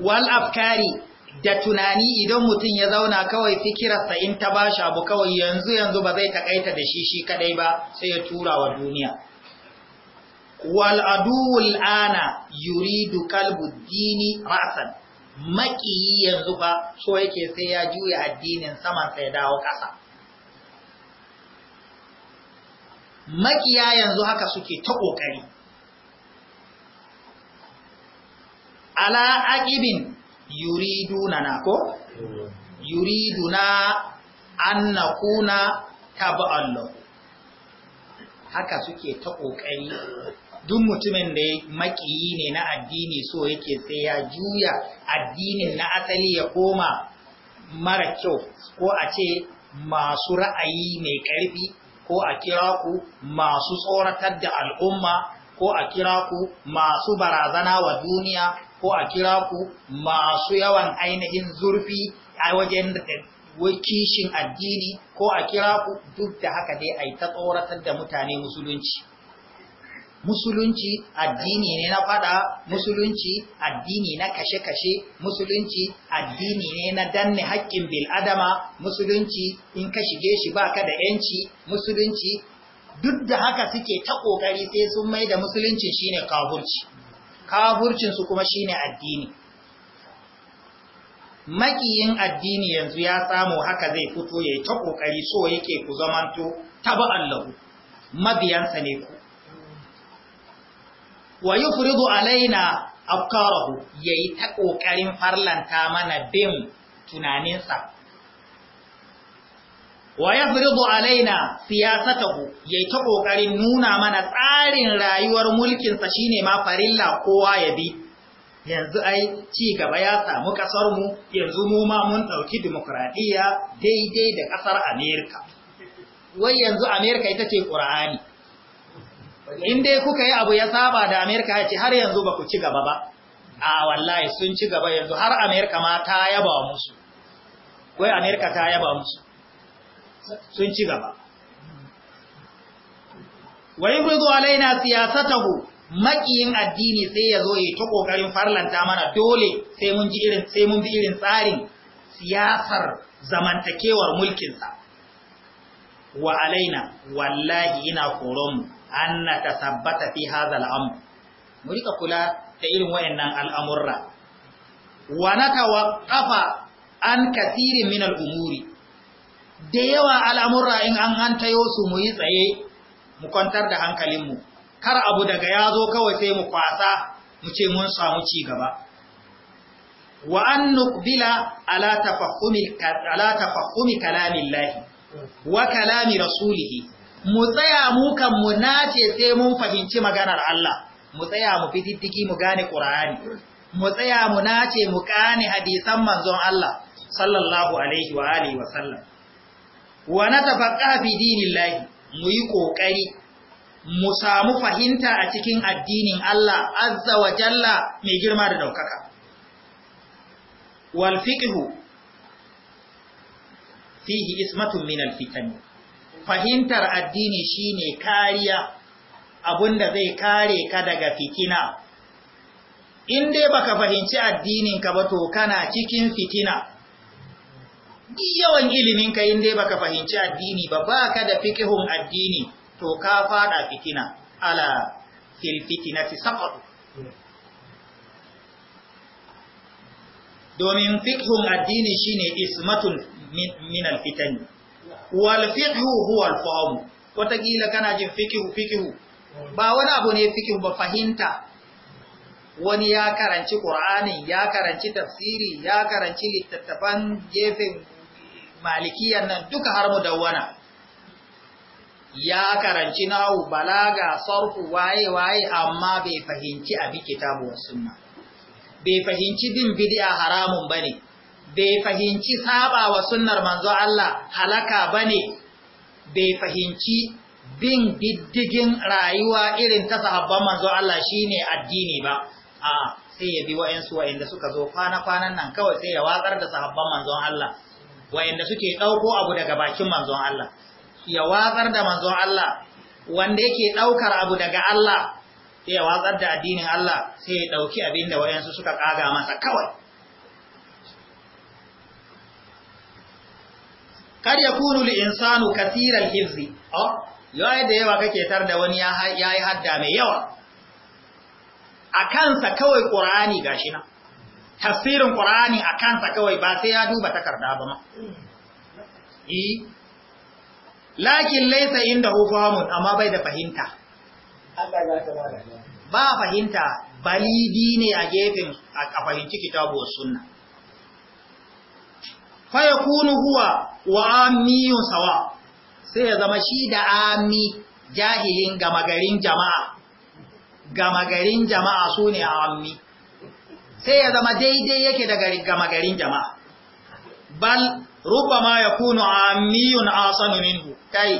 wal afkari da tunani idan mutum ya zauna kawai fikirarsa in ta bashi abu kawai yanzu yanzu ba zai takaita da shi shi kadai ba sai ya tura wa duniya wal ana yuridu kalbu dini rasan maƙiyi yanzu ba so yake sai ya juya addinin saman sai dawo ƙasa maƙiya yanzu haka suke ta ƙoƙari ala aqibin yuriduna na ko yuriduna an nakuna haka suke ta ƙoƙari duk mutumin da ya makiyi ne na addini so yake sai ya juya addinin na asali ya koma mara kyau ko a ce masu ra'ayi mai ƙarfi ko a kira ku masu tsoratar da al'umma ko a kira ku masu barazana wa duniya ko a kira ku masu yawan ainihin zurfi a wajen kishin addini ko a kira ku duk da haka dai a yi ta tsoratar da mutane musulunci. musulunci addini ne na fada musulunci addini na kashe-kashe musulunci addini ne na danne haƙƙin bil'adama musulunci in ka shige shi ba ka da yanci musulunci duk da haka suke ta ƙoƙari sai sun mai da musulunci shine kafurci su kuma shine addini makiyin addini yanzu ya samu haka zai fito ya yi ta ƙoƙari so yake ku zamanto taba Allahu mabiyansa ne ku wa yufridu alaina afkarahu yayi ta ƙoƙarin farlanta mana bin tunaninsa wa yafridu alaina siyasatahu yayi ta ƙoƙarin nuna mana tsarin rayuwar mulkin sa shine ma farilla kowa ya bi yanzu ai ci gaba ya samu kasar mu yanzu mu ma mun dauki demokradiya daidai da kasar Amerika. wai yanzu Amerika ita ce Qur'ani in dai kuka yi abu ya saba da Amerika ya ce har yanzu ba ku ci gaba ba a wallahi sun ci gaba yanzu har Amerika ma ta yaba musu wai Amerika ta yaba musu sun ci gaba Wai wa zo alaina siyasatahu makiyin addini sai ya zo yi ta kokarin farlanta mana dole sai mun ji irin sai mun bi irin tsarin siyasar zamantakewar mulkinsa wa alaina wallahi ina koron mu an na fi haza al'amr mu rika kula da irin wayannan al'amurra wa natawaqqafa an kathirin min al'umuri da yawa al'amurra in an hantayo su mu yi tsaye mu kwantar da hankalinmu kar abu daga ya zo kawai sai mu kwasa mu ce mun samu ci gaba wa an ala ta ala kalamin kalamillahi wa kalami rasulihi mu tsaya mu kan mu nace sai mun fahimci maganar Allah mu tsaya mu fitittiki mu gane Qur'ani mu tsaya mu nace mu gane hadisan manzon Allah sallallahu alaihi wa alihi wa sallam wa natafaqqa fi dinillahi mu yi kokari mu samu fahimta a cikin addinin Allah azza wa jalla mai girma da daukaka wal fiqhu fihi ismatun min al fitani fahimtar addini shine kariya abinda zai kare ka daga fitina in dai baka fahimci addinin ka ba to kana cikin fitina duk yawan ilimin ka in dai baka fahimci addini ba baka da fiqhun addini to ka fada fitina ala fil fitinati saqatu domin fiqhun addini shine ismatun min fitani. wal fiqhu huwa al fahm wataƙila kana jin fikihu fikihu ba wani abu ne fikihu ba fahimta wani ya karanci ƙur'ani ya karanci tafsiri ya karanci littattafan gefen malikiyan nan duka har mu ya karanci na'u balaga sarfu waye waye amma bai fahimci abi kitabu sunna bai fahimci bin bid'a haramun bane bai fahimci saba wa sunnar manzo Allah halaka bane bai fahimci bin diddigin rayuwa irin ta sahabban manzo Allah shine addini ba a sai ya bi wa'ansu wa'anda suka zo kwana-kwanan nan kawai sai ya watsar da sahabban manzon Allah wa'anda suke dauko abu daga bakin manzon Allah ya watsar da manzon Allah wanda yake daukar abu daga Allah sai ya watsar da addinin Allah sai ya dauki abinda wa'ansu suka kaga masa kawai kar ya kunu li insanu kasiral hizzi oh da yawa kake tar da wani ya yayi hadda mai yawa a kansa kawai qur'ani gashi na tafsirin qur'ani a kansa kawai ba sai ya duba takarda ba ma eh lakin laysa indahu fahamun amma bai da fahimta ba fahimta balidi ne a gefen a fahimci kitabu sunna faya kunu huwa wa amiyun sawa sai ya zama shi da ami jahilin gama garin jama'a gama garin jama'a su ne ammi sai ya zama daidai yake daga gama garin jama'a bal ma ya kunu amiyun asanu minhu kai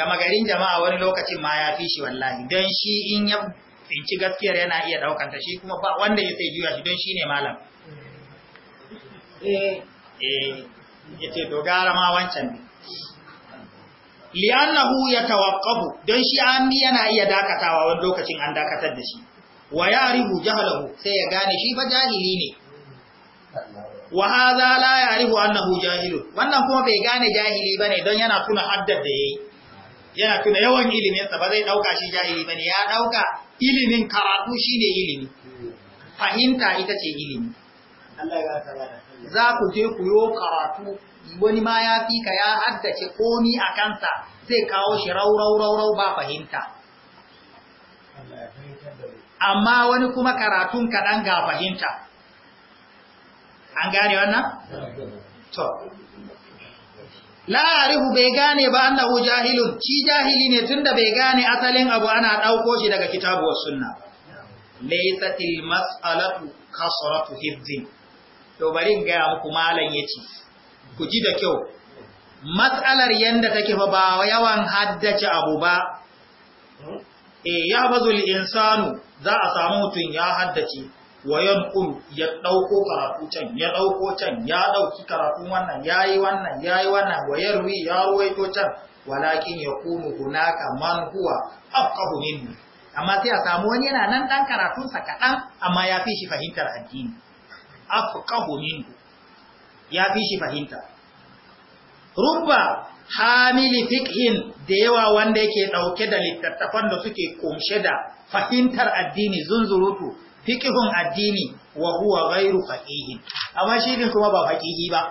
gama garin jama'a wani lokacin ma ya fi shi wallahi don shi in ya tsinci gaskiyar yana iya daukanta shi kuma ba wanda ya sai juya shi don shi ne malam eh, eh yace to gara ma wancan ne li'annahu yatawaqqabu don shi ammi yana iya dakatawa wani lokacin an dakatar da shi wa ya'rifu jahlahu sai ya gane shi fa jahili ne wa hadha la ya'rifu annahu jahilun wannan kuma bai gane jahili bane don yana tuna haddar da yayi yana tuna yawan iliminsa ba zai ɗauka shi jahili ba ne ya ɗauka ilimin karatu shi ne ilimi fahimta ita ce ilimi Allah ya za ku je ku yo karatu wani ma ya fi ka ya haddace komi a kansa zai kawo shi raurau raurau ba fahimta amma wani kuma karatun kaɗan ga fahimta an gane wannan? to bai gane ba nahu jahilun ci jahili ne tunda bai gane asalin abu ana ɗauko shi daga kitabuwar sunna laisatil mas'alatu kasratu hifzin to bari in gaya muku malam ya ku ji da kyau matsalar yanda take fa ba yawan haddace abu ba Eh ya bazul insanu za a samu mutum ya haddace wayan ƙuru ya ɗauko karatu can ya ɗauko can ya ɗauki karatu wannan ya wannan ya wannan wayan ruwi ya ruwaito can walakin ya kunu hunaka man huwa afqahu minni amma sai a samu wani yana nan dan karatunsa kaɗan amma ya fi shi fahimtar addini afqahu minhu ya fi shi fahimta rubba hamili fiqhin da yawa wanda yake dauke da littattafan da suke kumshe da fahimtar addini zunzurutu fiqhun addini wa huwa ghairu faqih amma shi din kuma ba faqihi ba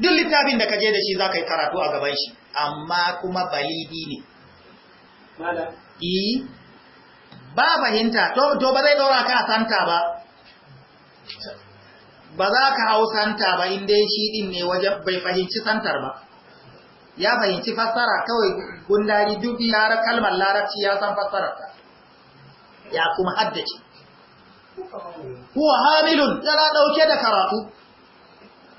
duk littafin da kaje da shi zaka yi karatu a gaban shi amma kuma balidi ne mala e, ba fahimta to to ba zai daura ka santa ba ba za ka hau santa ba inda shi din ne wajen bai fahimci santar ba ya fahimci fassara kawai gundari duk yara kalmar larabci ya san ta. ya kuma haddace Kuwa hamilun yana dauke da karatu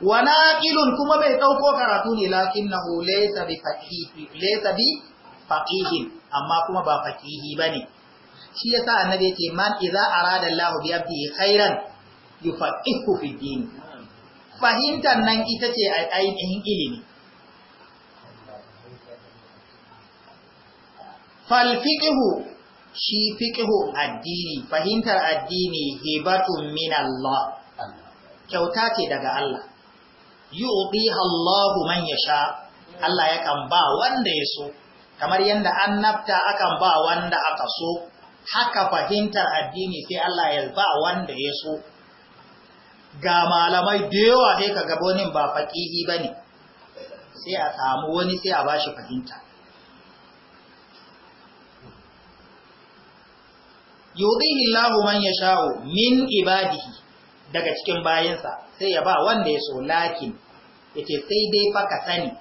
wa naqilun kuma bai ɗauko karatu ne lafin na hule faqihi laysa bi amma kuma ba ba ne. shi ya yasa annabi yake man idza arada Allahu bi abdi khairan yufaqihu fi dini fahimtar nan ita ce ainihin ilimi falfiqihu shi fiqihu addini fahimtar addini hibatun min Allah kyauta ce daga Allah yu'tiha Allahu man yasha Allah yakan ba wanda ya so kamar yanda annabta akan ba wanda aka so haka fahimtar addini sai Allah ya ba wanda ya so ga malamai da yawa sai ka ba faƙihi ba ne sai a samu wani sai a fahimta yudihi Allahu man yasha'u min ibadihi daga cikin bayinsa sai ya ba wanda ya so sai dai fa sani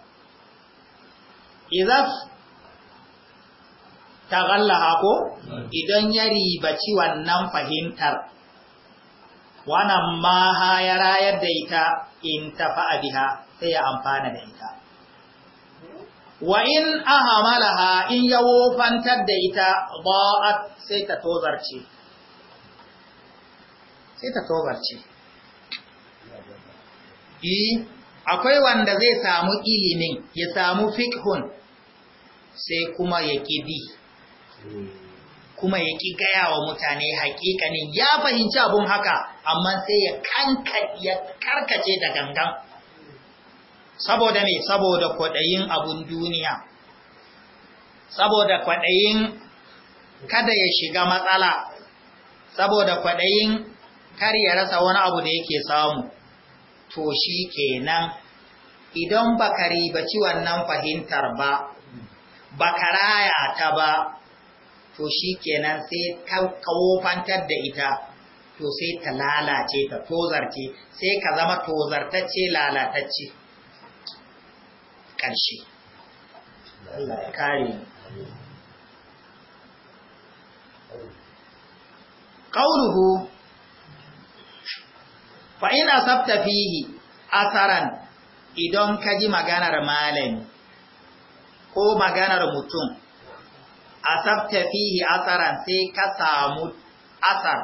idza taghallaha ko idan ya ribaci wannan fahimtar wannan ha ya rayar da ita in a biha sai ya amfana da ita wa in ahamalaha in ya wofantar da ita ba'at sai ta tozarce sai ta tozarce e, akwai wanda zai samu ilimin ya samu fikhun sai kuma ya kidi kuma ya ƙi gaya wa mutane haƙiƙanin ya fahimci abun haka amma sai ya karkace da gangan saboda me saboda kwaɗayin abun duniya saboda kwaɗayin kada ya shiga matsala saboda kwaɗayin kar ya rasa wani abu da yake samu to shi kenan idan baka ribaci wannan fahimtar ba bakaraya raya ta ba to shi kenan sai ta kofantar da ita to sai ta lalace ta tozarce sai ka zama tozartacce lalatacce ƙarshe kare ƙauruhu Fa'ina asabta fihi asaran idan ka ji maganar malami ko maganar mutum asabta fihi asaran sai ka samu asar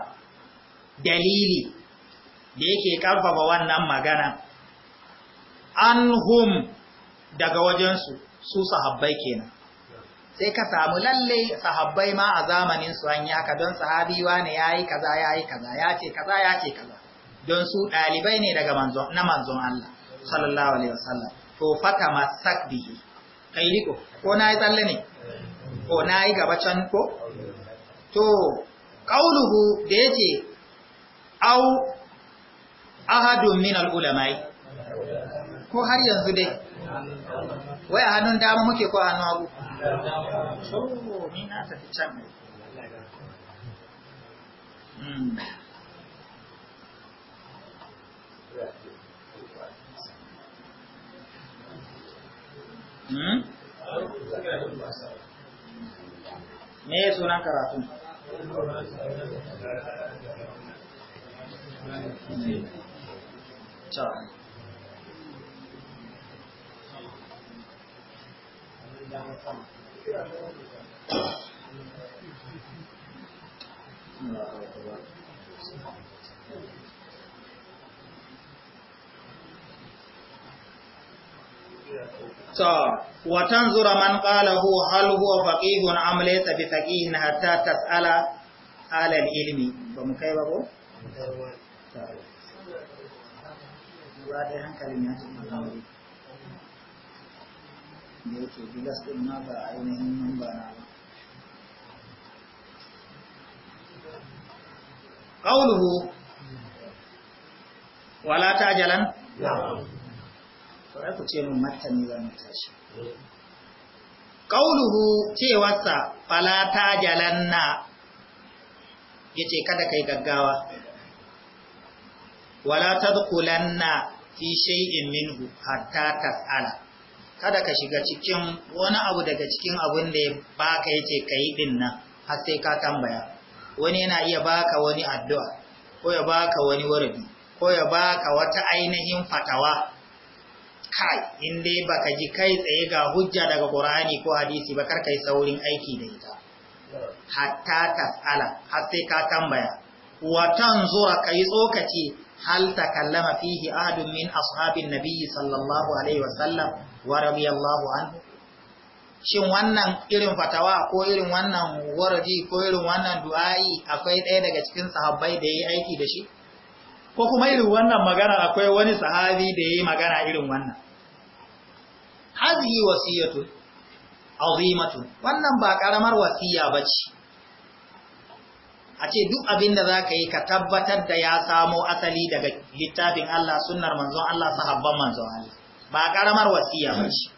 dalili da yake karfafa wannan magana anhum daga wajensu su sahabbai kenan sai ka samu lalle sahabbai ma a zamanin su an yaka don sahabiwa ne yayi kaza yayi kaza ya ce kaza ya ce kaza don su dalibai ne daga manzon na manzon Allah sallallahu alaihi wasallam to fata masak bihi kai riko ko na yi tsalle ne ko na yi gaba can ko? to ƙauluhu da ya ce au ahadun min al'ulamai ko har yanzu dai Waya a hannun dama muke ko hannu abu so ni na tafi can Hmm? hmm? me ya sunan karatun Thank you. so. watan man qalahu hal huwa faqihun am laysa bi faqihin hatta tas'ala ala ilmi ba mu kai ba ko ba dai yake bilas din ba ainihin nan ba na ba qawluhu wala tajalan na'am ku ce mun martani za mu tashi kauluhu cewarsa fala ya ce kada kai gaggawa wala kulanna fi shay'in minhu hatta tsala. kada ka shiga cikin wani abu daga cikin abin da ba ka ce ka yi ɗin nan har sai ka tambaya wani yana iya baka wani addu'a ko ya baka wani warbi ko ya baka wata ainihin fatawa kai in dai baka ji kai tsaye ga hujja daga Qur'ani ko hadisi ba kar kai saurin aiki da ita hatta tas'ala har sai ka tambaya wa tanzura kai tsokaci hal takallama fihi ahadun min ashabin nabiyyi sallallahu alaihi wasallam wa radiyallahu anhu shin wannan irin fatawa ko irin wannan waradi ko irin wannan du'a'i akwai ɗaya daga cikin sahabbai da yayi aiki da shi ko kuma irin wannan magana akwai wani sahabi da yayi magana irin wannan hazihi wasiyatu azimatu wannan ba karamar wasiya bace a ce duk abin da za ka yi ka tabbatar da ya samo asali daga littafin Allah sunnar manzon Allah sahabban manzon Allah ba karamar wasiya ba ce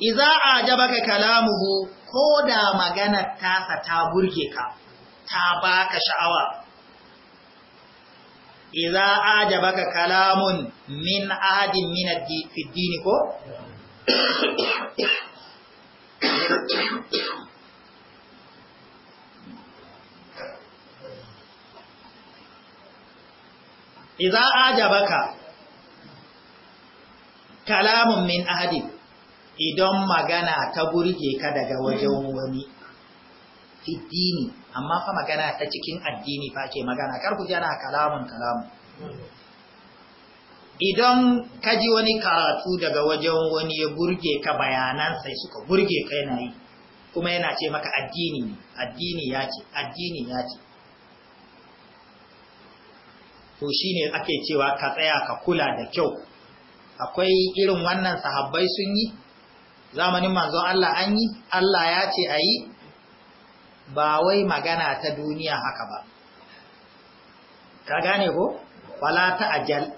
iza ka kalamuhu ko da magana tasa ta burge ka ta baka sha'awa iza ajabaka kalamun min ahadin min addini ko iza ajabaka kalamun min ahadin idan magana ta burge ka daga wajen wani fiddini amma fa magana ta cikin addini fa ke magana kar ku jana kalamun kalamun idan ka ji wani karatu daga wajen wani ya burge ka bayanan sai suka burge ka yana yi kuma yana ce maka addini ne addini ya ce addini ya ce to shine ake cewa ka tsaya ka kula da kyau akwai irin wannan sahabbai sun yi zamanin manzon Allah an yi Allah ya ce a yi ba wai magana ta duniya haka ba ka gane ko wala ta ajal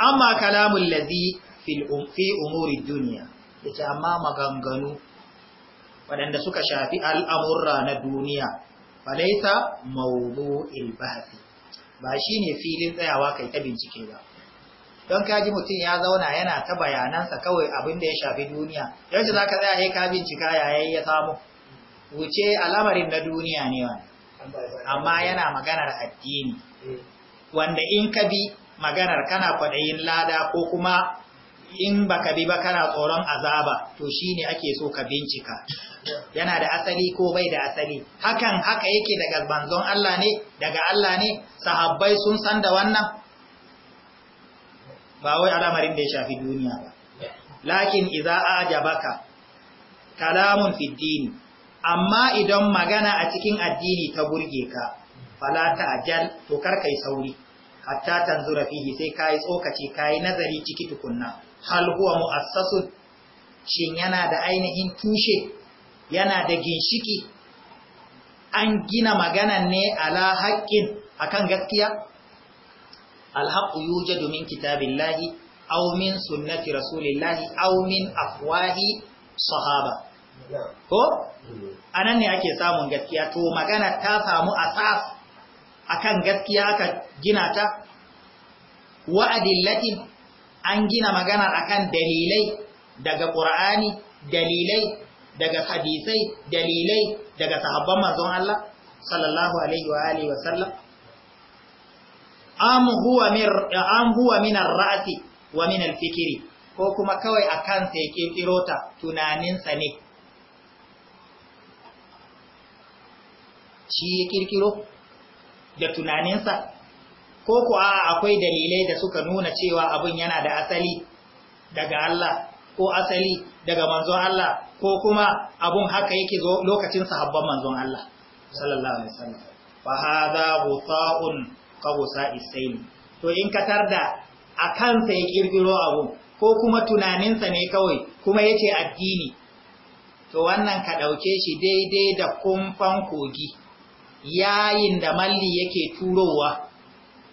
amma kalamun lazi um, fi umuri duniya da amma maganganu waɗanda suka shafi al'amurra na duniya falaita maudu ilbafi ba shi ne filin tsayawa kai ta bincike ba don kaji mutum ya zauna yana ta bayanansa kawai abin da ya shafi duniya Yaushe za ka tsaya ya ka bincika yayayi ya samu wuce al'amarin na duniya ne wani amma yana maganar addini wanda in ka bi maganar kana kwaɗayin lada ko kuma in ba ka bi ba kana tsoron azaba to shine ake so ka bincika yana da asali ko bai da asali hakan haka yake daga banzon Allah ne daga Allah ne sahabbai sun san da wannan ba wai al'amarin da ya shafi duniya ba lakin a ajabaka kalamun fiddini amma idan magana a cikin addini ta burge ka fala ajal to kar yi sauri hatta tanzura fihi sai kai tsokaci kai nazari ciki tukunna hal huwa mu'assasun shin yana da ainihin tushe yana da ginshiki an gina maganan ne ala haƙƙin akan gaskiya alhaqu yujadu min kitabillahi aw min sunnati rasulillahi aw min afwahi sahaba ko anan ne ake samun gaskiya to magana ta samu asas akan gaskiya aka gina ta wa adillatin an gina magana akan dalilai daga qur'ani dalilai daga hadisai dalilai daga sahabban manzon Allah sallallahu alaihi wa alihi wa sallam am huwa min am huwa min ar-ra'si wa min al-fikri ko kuma kawai a kansa ya kirkiro ta tunaninsa ne shi ya kirkiro da tunaninsa ko ku a akwai dalilai da suka nuna cewa abin yana da asali daga Allah ko asali daga manzon Allah ko kuma abun haka yake zo lokacin sahabban manzon Allah sallallahu alaihi wasallam fa hadha ghuta'un kawusa isaini to in ka tarda a kansa ya kirkiro abu ko kuma tunaninsa ne kawai kuma yace addini to wannan ka ɗauke shi daidai da kumfan kogi yayin da malli yake turowa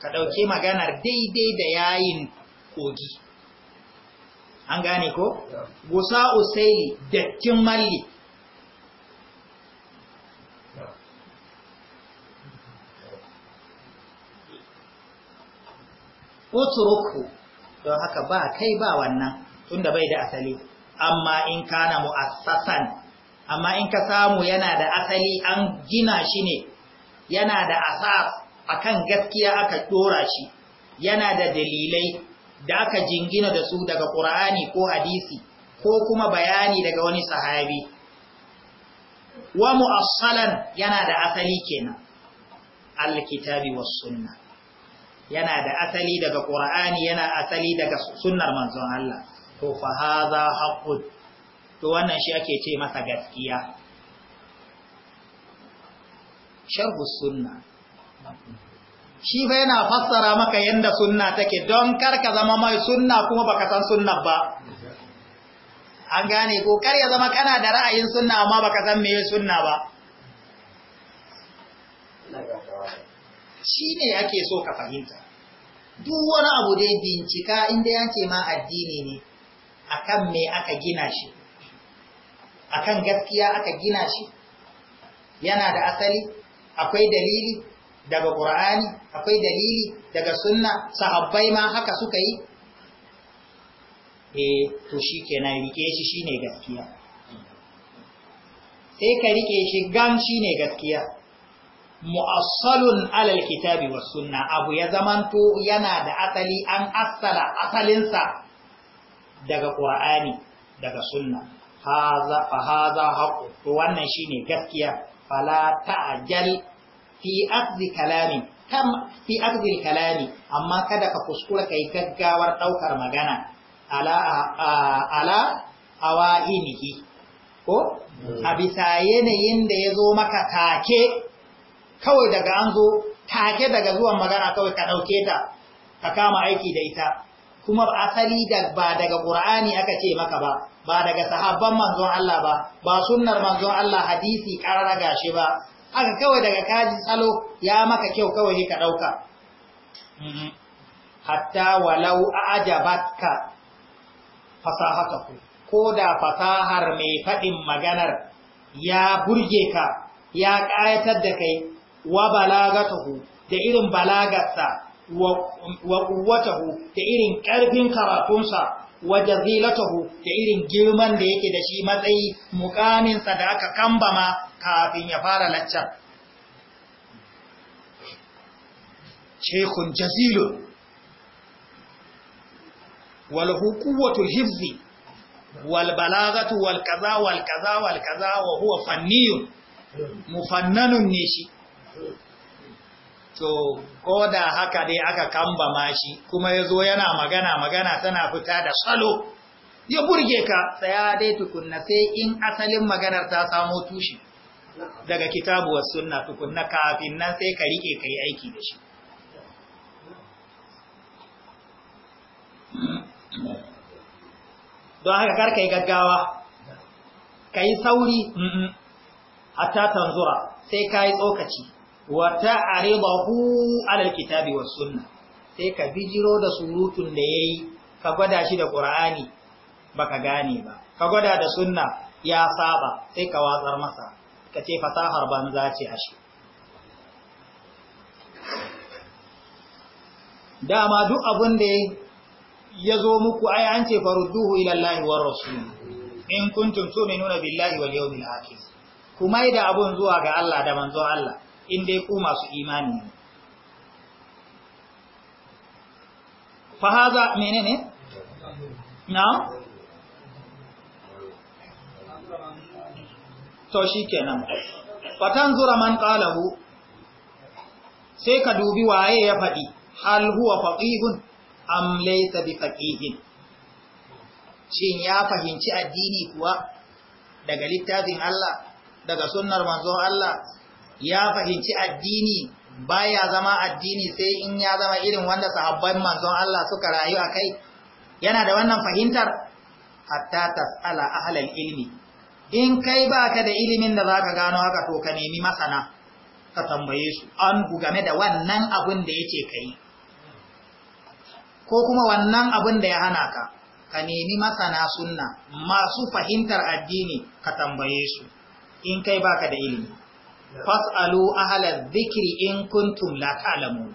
ka ɗauke maganar daidai da yayin kogi an gane ko? gusa usaili dattin malli utrukhu don haka ba kai ba wannan tunda bai da asali amma in kana mu'assasan amma in ka samu yana da asali an gina shi ne yana da asas akan gaskiya aka dora shi yana da dalilai da aka jingina da su daga Qur'ani ko hadisi ko kuma bayani daga wani sahabi wa mu'assalan yana da asali kenan alkitabi was sunnah yana da asali daga Qur'ani yana asali daga sunnar manzon Allah to fa hadha haqqun to wannan shi ake ce masa gaskiya Sharhu sunna shi ba yana fassara maka yanda sunna take don kar ka zama mai sunna kuma baka san sunna ba an gane ko kar ya zama kana da ra'ayin sunna amma baka san meye sunna ba shi ne ake so ka fahimta duk wani abu dai bincika inda ya ce ma addini ne akan me aka gina shi akan gaskiya aka gina shi yana da asali akwai dalili daga ƙur'ani akwai dalili daga sunna sahabbai ma haka suka yi eh to shi kenan rike shi shine gaskiya sai ka rike shi gam shine gaskiya mu'assalun alal kitabi wa sunna abu ya zamanto yana da asali an asala asalinsa daga qur'ani daga sunna haza fa haza haqu to wannan shine gaskiya fala ta'jal fi akhdhi kalami kam fi akhdhi kalami amma kada ka kuskura kai gaggawar daukar magana ala ala awainihi ko a bisa yanayin da ya zo maka take kawai daga an zo take daga zuwan magana kawai ka ɗauke ta ka kama aiki da ita kuma asali da ba daga Qur'ani aka ce maka ba ba daga sahabban manzon Allah ba ba sunnar manzon Allah hadisi karara shi ba haka kawai daga kaji salo ya maka kyau kawai ka dauka mm-hmm. hatta walau a'jabatka fasahataku ko da fasahar mai fadin maganar ya burge ka ya ƙayatar da kai wa balagatahu da irin balagarsa wa kuwatahu da irin ƙarfin karatunsa wa jazilatahu da irin girman da yake da shi matsayi sa da aka kambama kafin ya fara laccar shekun jazilun wal hukuwatul hifzi wal balagatu wal kaza wal kaza wal kaza wa huwa fanniyun mufannanun ne shi to ko da haka dai aka kambama shi kuma ya zo yana magana magana tana fita da salo ya burge ka tsaya dai tukunna sai in asalin maganar ta samo tushe daga kitabuwar sunna tukunna kafin nan sai ka rike ka yi aiki da shi don haka karka yi gaggawa ka yi sauri hatta tanzura sai ka yi tsokaci wa ta'ridahu ala alkitabi was sunna sai ka bijiro da surutun da yayi ka gwada shi da qur'ani baka gane ba ka gwada da sunna ya saba sai ka watsar masa ka ce fasahar banza ce ashe dama duk abin da ya zo muku ai an ce farudduhu ila Allah war rasul in kuntum tu'minuna billahi wal yawmil akhir kuma da abun zuwa ga Allah da manzon Allah in dai ku masu imani ne fahaza menene na to shi kenan. fatan zura man qalahu sai ka dubi waye ya faɗi hal huwa faqihun am laysa bi faqihin shin ya fahimci addini kuwa daga littafin Allah daga sunnar manzon Allah ya fahimci addini baya zama addini sai in ya zama irin wanda sahabban manzon Allah suka rayu a kai yana da wannan fahimtar hatta tas'ala ahlal ilmi in kai baka da ilimin da zaka gano haka to ka nemi masana ka tambaye su an game da wannan abun da yace kai ko kuma wannan abun da ya hana ka ka nemi masana sunna masu fahimtar addini ka tambaye su in kai baka da ilimi fasalu ahala zikiri in kuntum la ta'lamu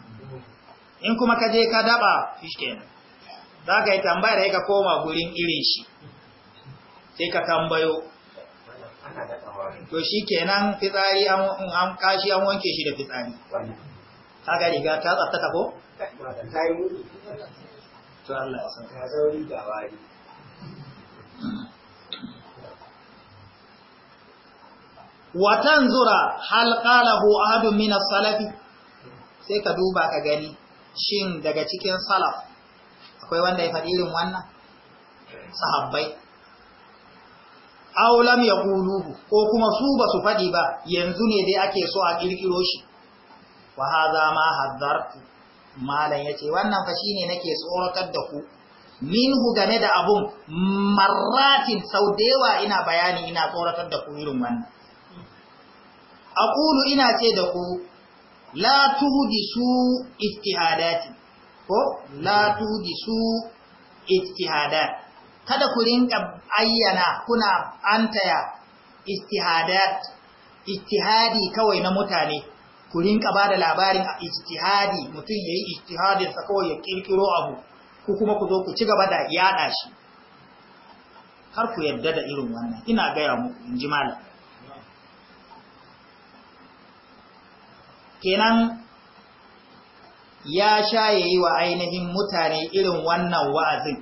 in kuma ka je ka daba shikenan za ka yi tambayar ka koma gurin irin shi sai ka tambayo to shi kenan fitsari an kashi an wanke shi da fitsari kaga riga ta tsaftaka ko? to Allah ya san ka zauri da wari watan zura halƙalahu ahadun mina salafi sai ka duba ka gani shin daga cikin salaf akwai wanda ya faɗi irin wannan sahabbai aulam ya ƙuluhu ko kuma su ba su faɗi ba yanzu ne dai ake so a ƙirƙiro shi wa haza ma haddartu malam yace wannan fa shine nake tsoratar da ku minhu game da abun marratin sau da ina bayani ina tsoratar da ku irin wannan aqulu ina ce da ku la tuhdisu ijtihadati ko la tuhdisu ijtihadat kada ku rinka ayyana kuna antaya ijtihadat ijtihadi kawai na mutane ku rinka ba da labarin istihadi ijtihadi mutum ya yi kawai ya kirkiro abu ku kuma ku zo ku ci gaba da yada shi har ku yarda da irin wannan ina gaya muku in ji malam kenan ya sha ya yi wa ainihin mutane irin wannan wa'azin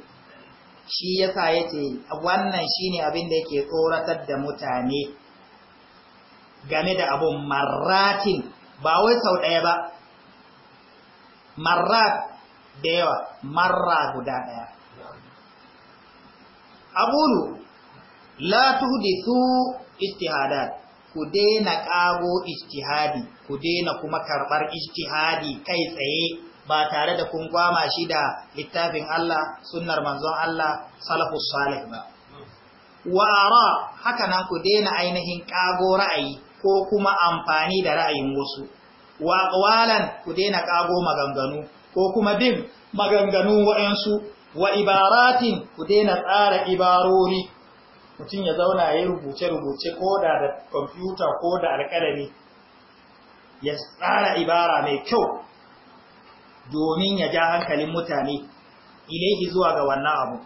shi yasa yace wannan shi ne abin da yake tsoratar da mutane game da abun maratin ba wai sau ɗaya ba marrat da yawa marra guda ɗaya abulu la su istihadat ku daina ƙago ijtihadi ku daina kuma karɓar ijtihadi kai tsaye ba tare da kun kwama shi da littafin Allah sunnar manzon Allah salafus salih ba wa ara haka nan ku daina ainihin ƙago ra'ayi ko kuma amfani da ra'ayin wasu wa qawalan ku daina ƙago maganganu ko kuma bin maganganu wa'ansu wa ibaratin ku daina tsara ibarori mutum ya zauna ya yi rubuce-rubuce ko da da kwamfuta ko da alƙalami ya tsara ibara mai kyau domin ya ja hankalin mutane ilaihi zuwa ga wannan abu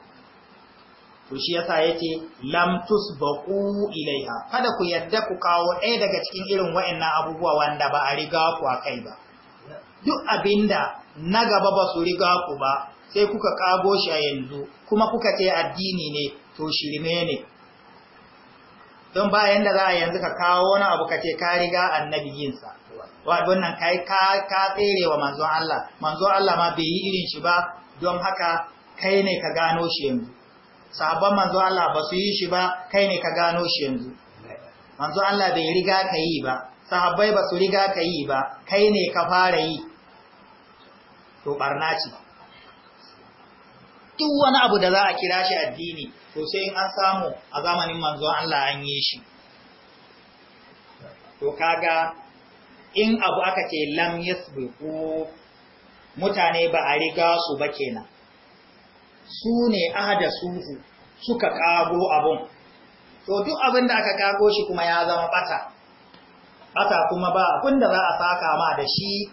to shi ya ce lam tusbaqu ilaiha kada ku yadda ku kawo ɗaya daga cikin irin wa'annan abubuwa wanda ba a riga ku a kai ba duk abinda na gaba ba su riga ku ba sai kuka kago shi a yanzu kuma kuka ce addini ne to shirme ne don ba da za a yanzu ka kawo wani abu ka ce ka riga annabi yinsa wannan kai ka tsere wa manzon Allah manzon Allah ma bai yi irin shi ba don haka kai ne ka gano shi yanzu sahabban manzon Allah ba su yi shi ba kai ne ka gano shi yanzu manzon Allah bai riga ka yi ba sahabbai ba su riga ka yi ba kai ne ka fara yi to barna ce duk wani abu da za a kira shi addini to sai in an samu a zamanin manzon Allah an yi shi to kaga in abu aka ce lam yasbiqu mutane ba a riga su ba kenan su ne ahada suhu suka kago abun to duk abin da aka kago shi kuma ya zama bata bata kuma ba abin da za a saka ma da shi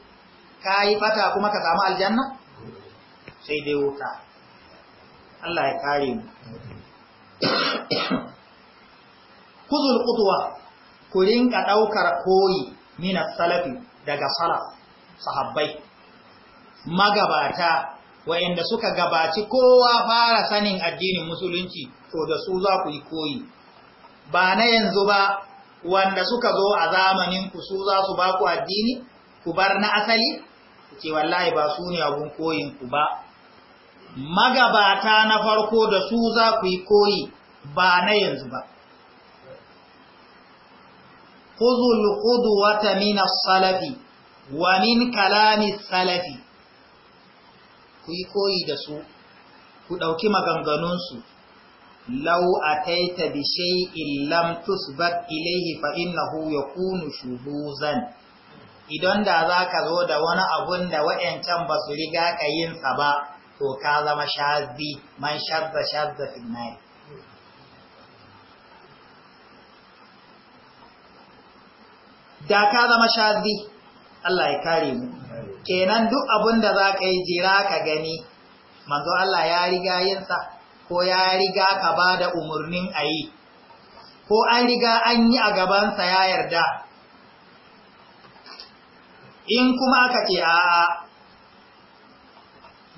kayi bata kuma ka samu aljanna sai dai wuta Allah ya kare mu kuzul kutuwa ku rinka ɗaukar koyi minas salafi daga salaf sahabbai magabata wa'inda suka gabaci kowa fara sanin addinin musulunci to da su za ku yi koyi ba na yanzu ba wanda suka zo a zamanin ku su za su ba ku addini ku bar na asali ce wallahi ba su ne abun koyin ku ba magabata na farko da su za ku yi koyi ba na yanzu ba Kuzul qudwata wata mina salafi wa min kalami salafi ku yi koyi da su ku ɗauki maganganunsu. Lau’atai ta taita bi shai lam tusbat ilayhi fa innahu yakunu shuhuzan idan da za ka zo da wani abun da wayancan ba su riga ka yin sa ba to ka zama shabbi man shazza shazza nai da ka zama shabbi Allah ya kare mu kenan duk abin da za ka yi jira ka gani manzo Allah ya riga yinsa ko ya riga ka ba da umarnin a yi ko an riga an yi a gabansa ya yarda in kuma aka ce a'a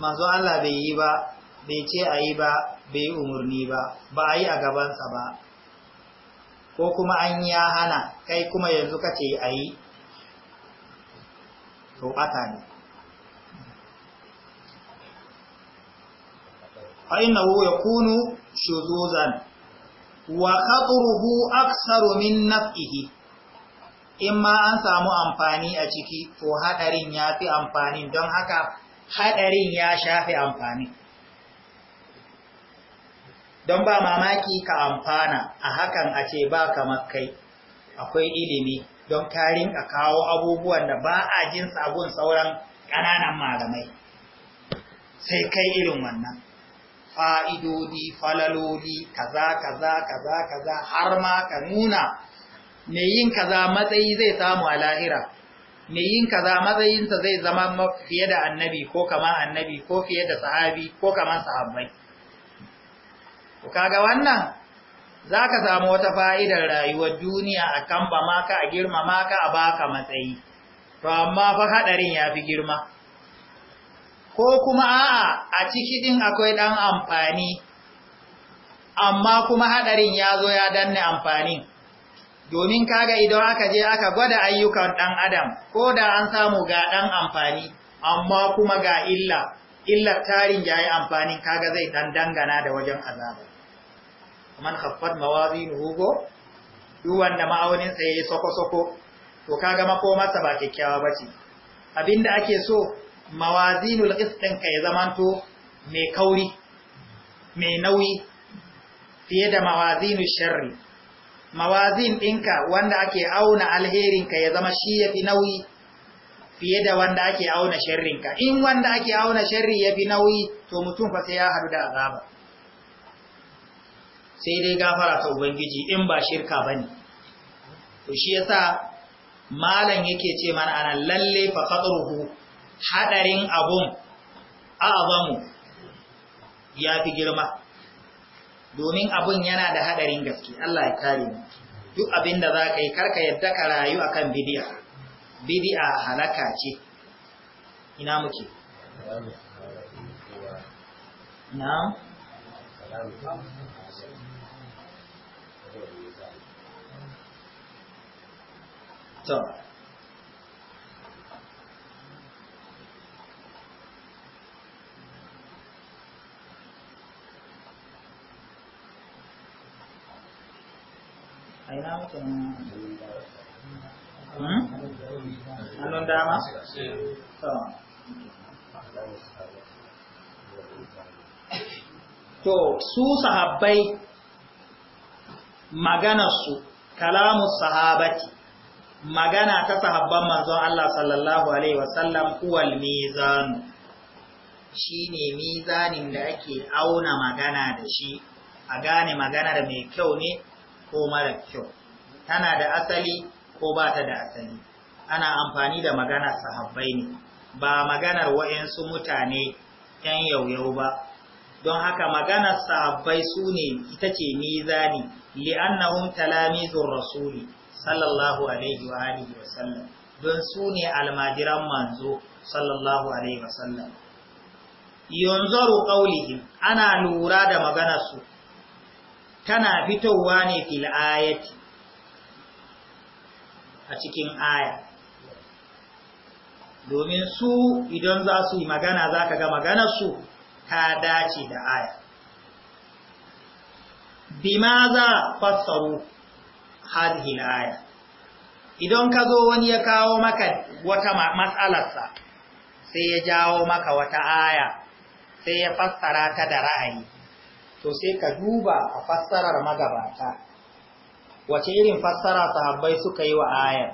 manzo Allah bai yi ba bai ce a yi ba bai umarni ba ba a yi a gabansa ba ko kuma an ya hana kai kuma yanzu ka ce a yi to ɓata ne a ina wo ya kunu shuzuzan wa haɗuruhu aksaru min naf'ihi in ma an samu amfani a ciki ko haɗarin ya fi amfani don haka haɗarin ya shafi amfani don ba mamaki ka amfana a hakan a ce ba kamar kai akwai ilimi don karin a kawo abubuwan da ba a jin sabon sauran ƙananan malamai sai kai irin wannan fa'idodi falaloli kaza kaza kaza kaza har ma ka nuna mai yin kaza matsayi zai samu a lahira mai yin kaza matsayinsa zai zama fiye da annabi ko kama annabi ko fiye da sahabi ko kama sahabbai ku kaga wannan za ka samu wata fa'idar rayuwar duniya a kan ba maka a girma maka a baka matsayi to amma fa haɗarin ya fi girma ko kuma a'a a ciki din akwai ɗan amfani amma kuma haɗarin ya zo ya danne amfanin domin kaga idan aka je aka gwada ayyukan ɗan adam ko da an samu ga ɗan amfani amma kuma ga illa illar tarin ya yi amfanin kaga zai ɗan dangana da wajen azaba man haffar mawazinu hugo duk wanda ma'auninsa ya yi soko-soko to kaga makomarsa ba kyakkyawa ba ce abinda ake so mawazinul ka ya zamanto mai kauri mai nauyi fiye da mawazinul sharri mawazin ɗinka wanda ake auna alherinka ya zama shi ya fi nauyi fiye da wanda ake auna sharrinka in wanda ake auna sharri ya fi nauyi to mutum fa sai ya haɗu da azaba sai dai gafara ta ubangiji in ba shirka ba ne to shi yasa malam yake ce mana ana lalle fa fatsuruhu haɗarin abun a'abamu ya fi girma domin abun yana da hadarin gaske Allah ya kare mu duk abin da za ka yi karka yadda ka rayu akan kan bidiya bidiya halaka ce ina muke na to hannun hmm? dama? to su sahabbai maganarsu kalamu sahabati magana ta sahabban manzon Allah sallallahu Alaihi wasallam kuwal mizanu shine mizanin da ake auna magana da shi a gane maganar mai kyau ne ko mara kyau tana da asali ko ba ta da asali ana amfani da magana sahabbai ne ba maganar wa'yansu mutane ‘yan yauyau ba don haka maganar sahabbai su ne ita ce mizani li'annahum talamizur rasuli sallallahu alaihi wa alihi wa sallam don su ne almajiran manzo sallallahu alaihi wa sallam yanzaru qawlihim ana lura da maganar su tana fitowa ne fil ayati a cikin aya domin su idan za su yi magana za ka ga su ta dace da aya bima za fassaru hadhihi aya idan ka zo wani ya kawo maka wata matsalarsa sai ya jawo maka wata aya sai ya fassara ta da ra'ayi to sai ka duba a fassarar magabata wace irin fassara sahabbai suka yi wa ayar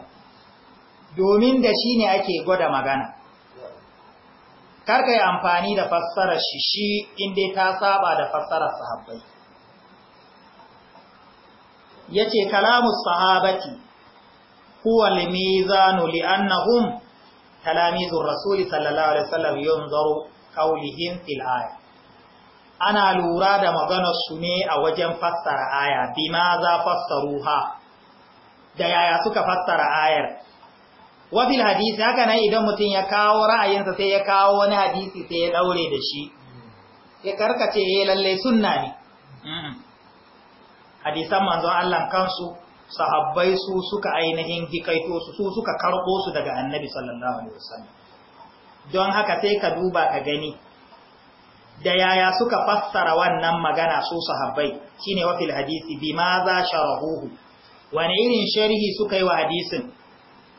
domin da shi ne ake gwada magana karka yi amfani da fassarar shi shi inda ta saba da fassarar sahabbai ya ce kalamus sahabati huwa limizanu li'annahum talamizur rasuli sallallahu alaihi wasallam yunzaru qawlihim fil ayat ana lura da maganarsu ne a wajen fassara aya bima za ha, da yaya suka fassara ayar wafil hadisi haka nan idan mutum ya kawo ra'ayinsa sai ya kawo wani hadisi sai ya daure da shi ya karkace ya eh, lalle sunna ne hadisan manzon Allah kansu sahabbai su suka ainihin hikaito su su suka karbo su daga annabi sallallahu alaihi wasallam don haka sai ka duba ka gani da yaya suka fassara wannan magana su sahabbai shine wa fil hadisi bima za sharahuhu wani irin sharhi suka yi wa hadisin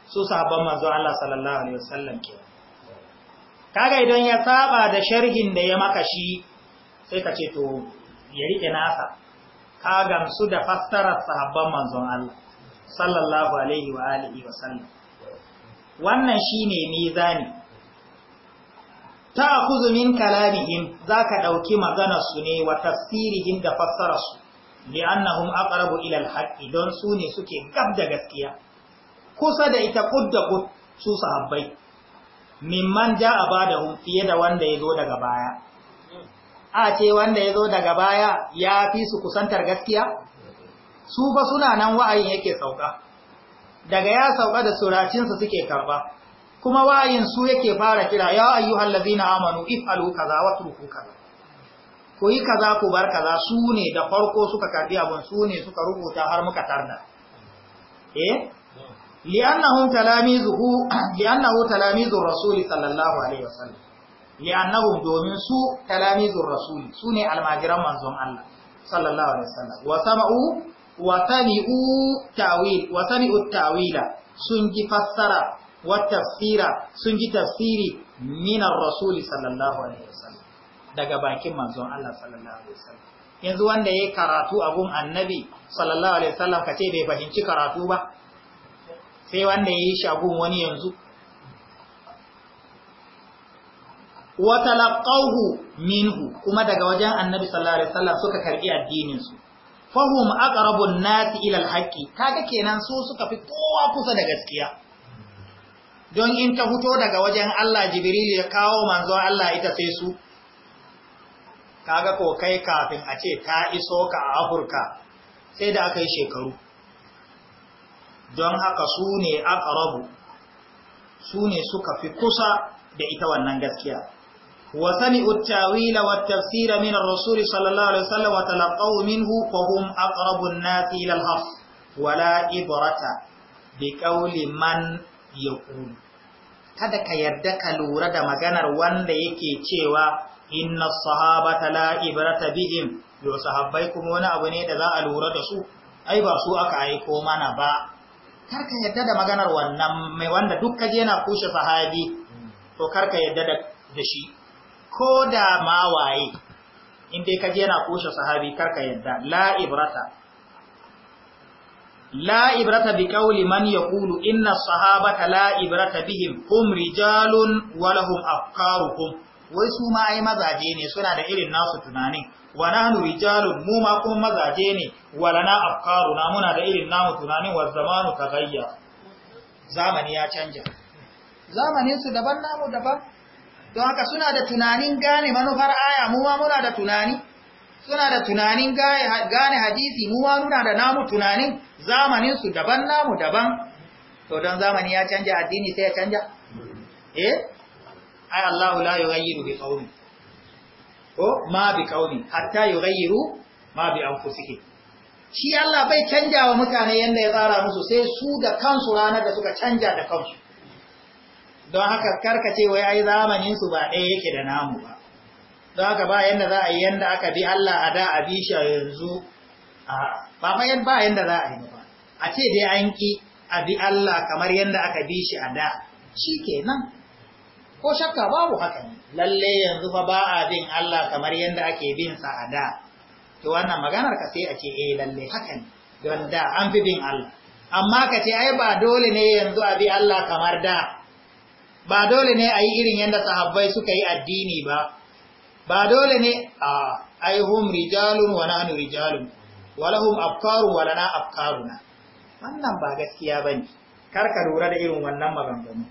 su sahabban manzo Allah sallallahu alaihi wasallam ke kaga idan ya saba da sharhin da ya maka shi sai ka ce to ya rike nasa ka gamsu da fassarar sahabban manzo Allah sallallahu alaihi wa alihi wasallam wannan shine mizani ta kuzu min kalamihim za ka ɗauki maganarsu ne wa tafsirihim da fassararsu annahum aqrabu ila al don su ne suke gab da gaskiya kusa da ita kudda ku su sahabbai mimman bada badahum fiye da wanda yazo daga baya a ce wanda yazo daga baya ya fi su kusantar gaskiya su ba suna nan wa'ayin yake sauka daga ya sauka da suracinsu suke karba kuma wayin su yake fara kira ya ayyuhal ladina amanu ifalu kaza wa turku kaza ko yi kaza ku bar kaza su ne da farko suka karbi abun su ne suka rubuta har muka tarda eh li'annahu talamizuhu li'annahu talamizur rasul sallallahu alaihi wasallam li'annahu domin su talamizur rasul su ne almajiran manzon Allah sallallahu alaihi wasallam wa sama'u wa tani'u tawil wa tabi'u tawila sun ji fassara tafsira sun ji tafsiri minar rasuli sallallahu alaihi wasallam daga bakin manzon Allah sallallahu alaihi wasallam yanzu wanda yayi karatu abun annabi sallallahu alaihi wasallam kace bai fahimci karatu ba sai wanda yayi shagun wani yanzu wa talaqawhu minhu kuma daga wajen annabi sallallahu alaihi wasallam suka karbi addinin su fahum aqrabun nasi ila alhaqi kaga kenan su suka fi kowa kusa da gaskiya don in ta fito daga wajen Allah Jibril ya kawo manzo Allah ita sai su kaga ko kai kafin a ce ta iso ka a Afirka sai da aka yi shekaru don haka su ne aqrabu su ne suka fi kusa da ita wannan gaskiya wa sani wa tafsira min ar-rasul sallallahu alaihi wasallam wa talaqaw minhu fa hum aqrabu an nasi ila al-haqq wala ibrata bi qawli man ya ƙulu kada ka yarda ka lura da maganar wanda yake cewa inna sahaba la ibrata bihim yo sahabbai kuma wani abu ne da za a lura da su ai ba su aka aiko mana ba kar ka yarda da maganar wannan mai wanda duk kaje yana kushe sahabi to kar ka yarda da shi ko da ma waye in dai kaje yana kushe sahabi kar ka yarda la ibrata la ibrata bi qawli man inna sahabata la ibrata bihim hum rijalun wa lahum afkaruhum wai su ma ai mazaje ne suna da irin nasu tunanin wa nahnu rijalun mu kuma mazaje ne wa lana afkaruna muna da irin namu tunanin wa zamanu tagayya zamani ya canja zamanin su daban namu daban don haka suna da tunanin gane manufar aya mu muna da tunani suna da tunanin gane hadisi mu ma muna da namu tunanin zamanin su daban namu daban to don zamani ya canja addini sai ya canja eh ai Allah la yughayyiru bi qawmi ko ma bi qawmi hatta yughayyiru ma bi anfusihi shi Allah bai canja wa mutane yanda ya tsara musu sai su da kansu ranar da suka canja da kansu don haka karkace wai ai zamanin su ba ɗaya yake da namu ba don haka ba yadda za a yi yadda aka bi Allah a da a bi shi a yanzu a ba ma ba yadda za a yi ba a ce dai an ki a bi Allah kamar yadda aka bi shi a da shi ke nan. ko shakka babu haka ne lalle yanzu fa ba a bin Allah kamar yadda ake bin sa a da to wannan maganar ka sai a ce eh lalle haka ne don da an fi bin Allah amma ka ce ai ba dole ne yanzu a bi Allah kamar da ba dole ne a yi irin yadda sahabbai suka yi addini ba ba dole ne a aihum rijalun wa nanu rijalun walahum afkaru wa lana afkaruna wannan ba gaskiya bane karka ka lura da irin wannan maganganu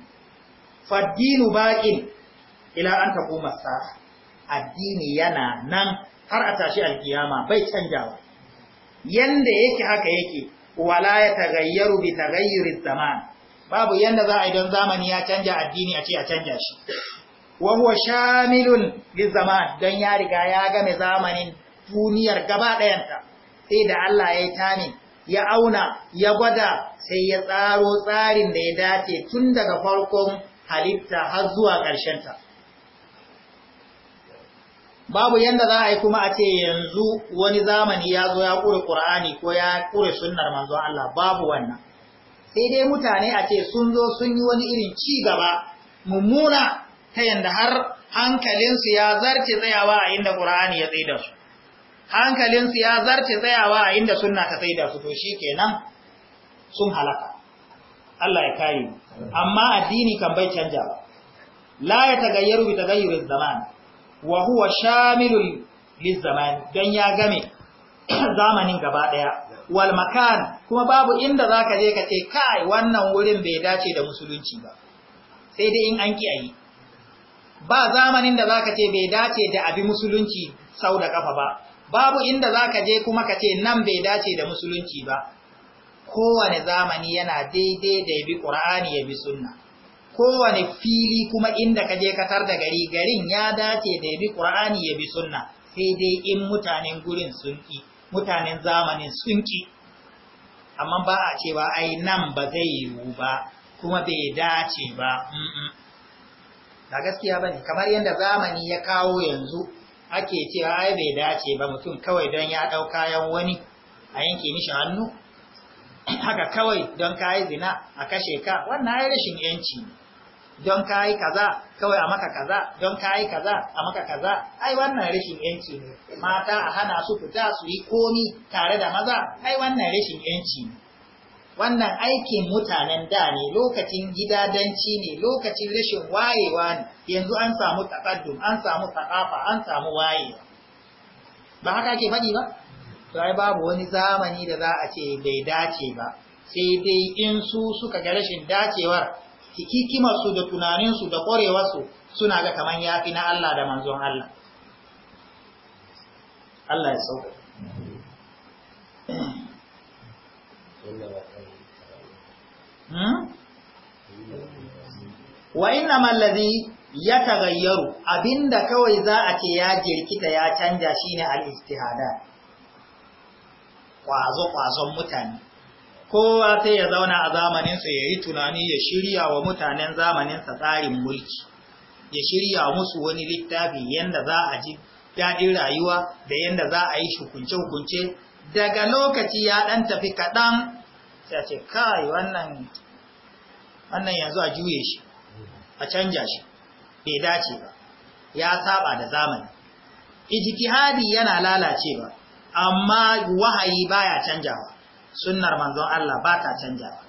faddinu baqin ila an taquma sa'a addini yana nan har a tashi alkiyama bai canjawa yanda yake haka yake wala ya tagayyaru bi tagayyuri zaman babu yanda za a idan zamani ya canja addini a ce a canja shi wa huwa shamilun zaman don ya riga ya game zamanin duniyar gaba ɗayanta sai da Allah ya tani ya auna ya gwada sai ya tsaro tsarin da ya dace tun daga farkon halitta har zuwa ƙarshen ta. babu yanda za a yi kuma a ce yanzu wani zamani ya zo ya kure ƙur'ani ko ya kure sunnar manzo Allah babu wannan sai dai mutane a ce sun zo sun yi wani irin ci gaba mummuna ta yanda har hankalinsu ya zarce tsayawa a inda Qur'ani ya tsaida su hankalinsu ya zarce tsayawa a inda sunna ta da su to shikenan sun halaka Allah ya kare amma addini kan bai canja ba la ya tagayyaru bi tagayyuriz zaman wa huwa shamilul lizaman dan ya game zamanin gaba daya wal makan kuma babu inda zaka je ka ce kai wannan wurin bai dace da musulunci ba sai dai in an kiyaye ba zamanin da zaka ce bai dace da abi musulunci sau da kafa ba babu inda zaka je kuma ka ce nan bai dace da musulunci ba kowane zamani yana daidai da yabi qur'ani bi sunna kowane fili kuma inda ka je ka tar da gari garin ya dace da yabi qur'ani bi sunna sai dai in mutanen gurin sun ki mutanen zamanin sun ki amma ba a cewa ai nan ba zai yiwu ba kuma bai dace ba mm -mm. ba gaskiya ba ne kamar yadda zamani ya kawo yanzu ake cewa ai bai dace ba mutum kawai don ya ɗau kayan wani a yanke mishi hannu haka kawai don kayi zina a kashe ka wannan ya rashin yanci don don kayi kaza kawai a maka kaza don kayi kaza a maka kaza ai wannan rashin yanci ne mata a hana su fita su yi komi tare da maza ai wannan rashin yanci ne wannan aikin mutanen da ne lokacin gidadanci ne lokacin rashin wayewa ne yanzu an samu takaddum an samu sakafa an samu wayewa ba haka ke faɗi ba to ai babu wani zamani da za a ce bai dace ba sai dai in su suka ga rashin dacewar su da tunaninsu da ƙwarewarsu suna ga kaman yafi na Allah da manzon Allah Allah ya sauka Hmm? wa inna mallazi ya tagayyaru abinda kawai za a ce ya jirkita ya canja shine al-ijtihada kwazo kwazon mutane kowa sai ya zauna a zamanin ya yi tunani ya shirya wa mutanen zamanin zamaninsa tsarin mulki ya shirya musu wani littafi yanda za a ji daɗin rayuwa da yanda za a yi shukunce-hukunce daga lokaci ya ɗan tafi kaɗan sai a ce kai wannan yanzu a juye shi a canja shi bai dace ba ya saba da zamani ijtihadi yana lalacewa amma wahayi baya canjawa sunnar manzon Allah ba ta canjawa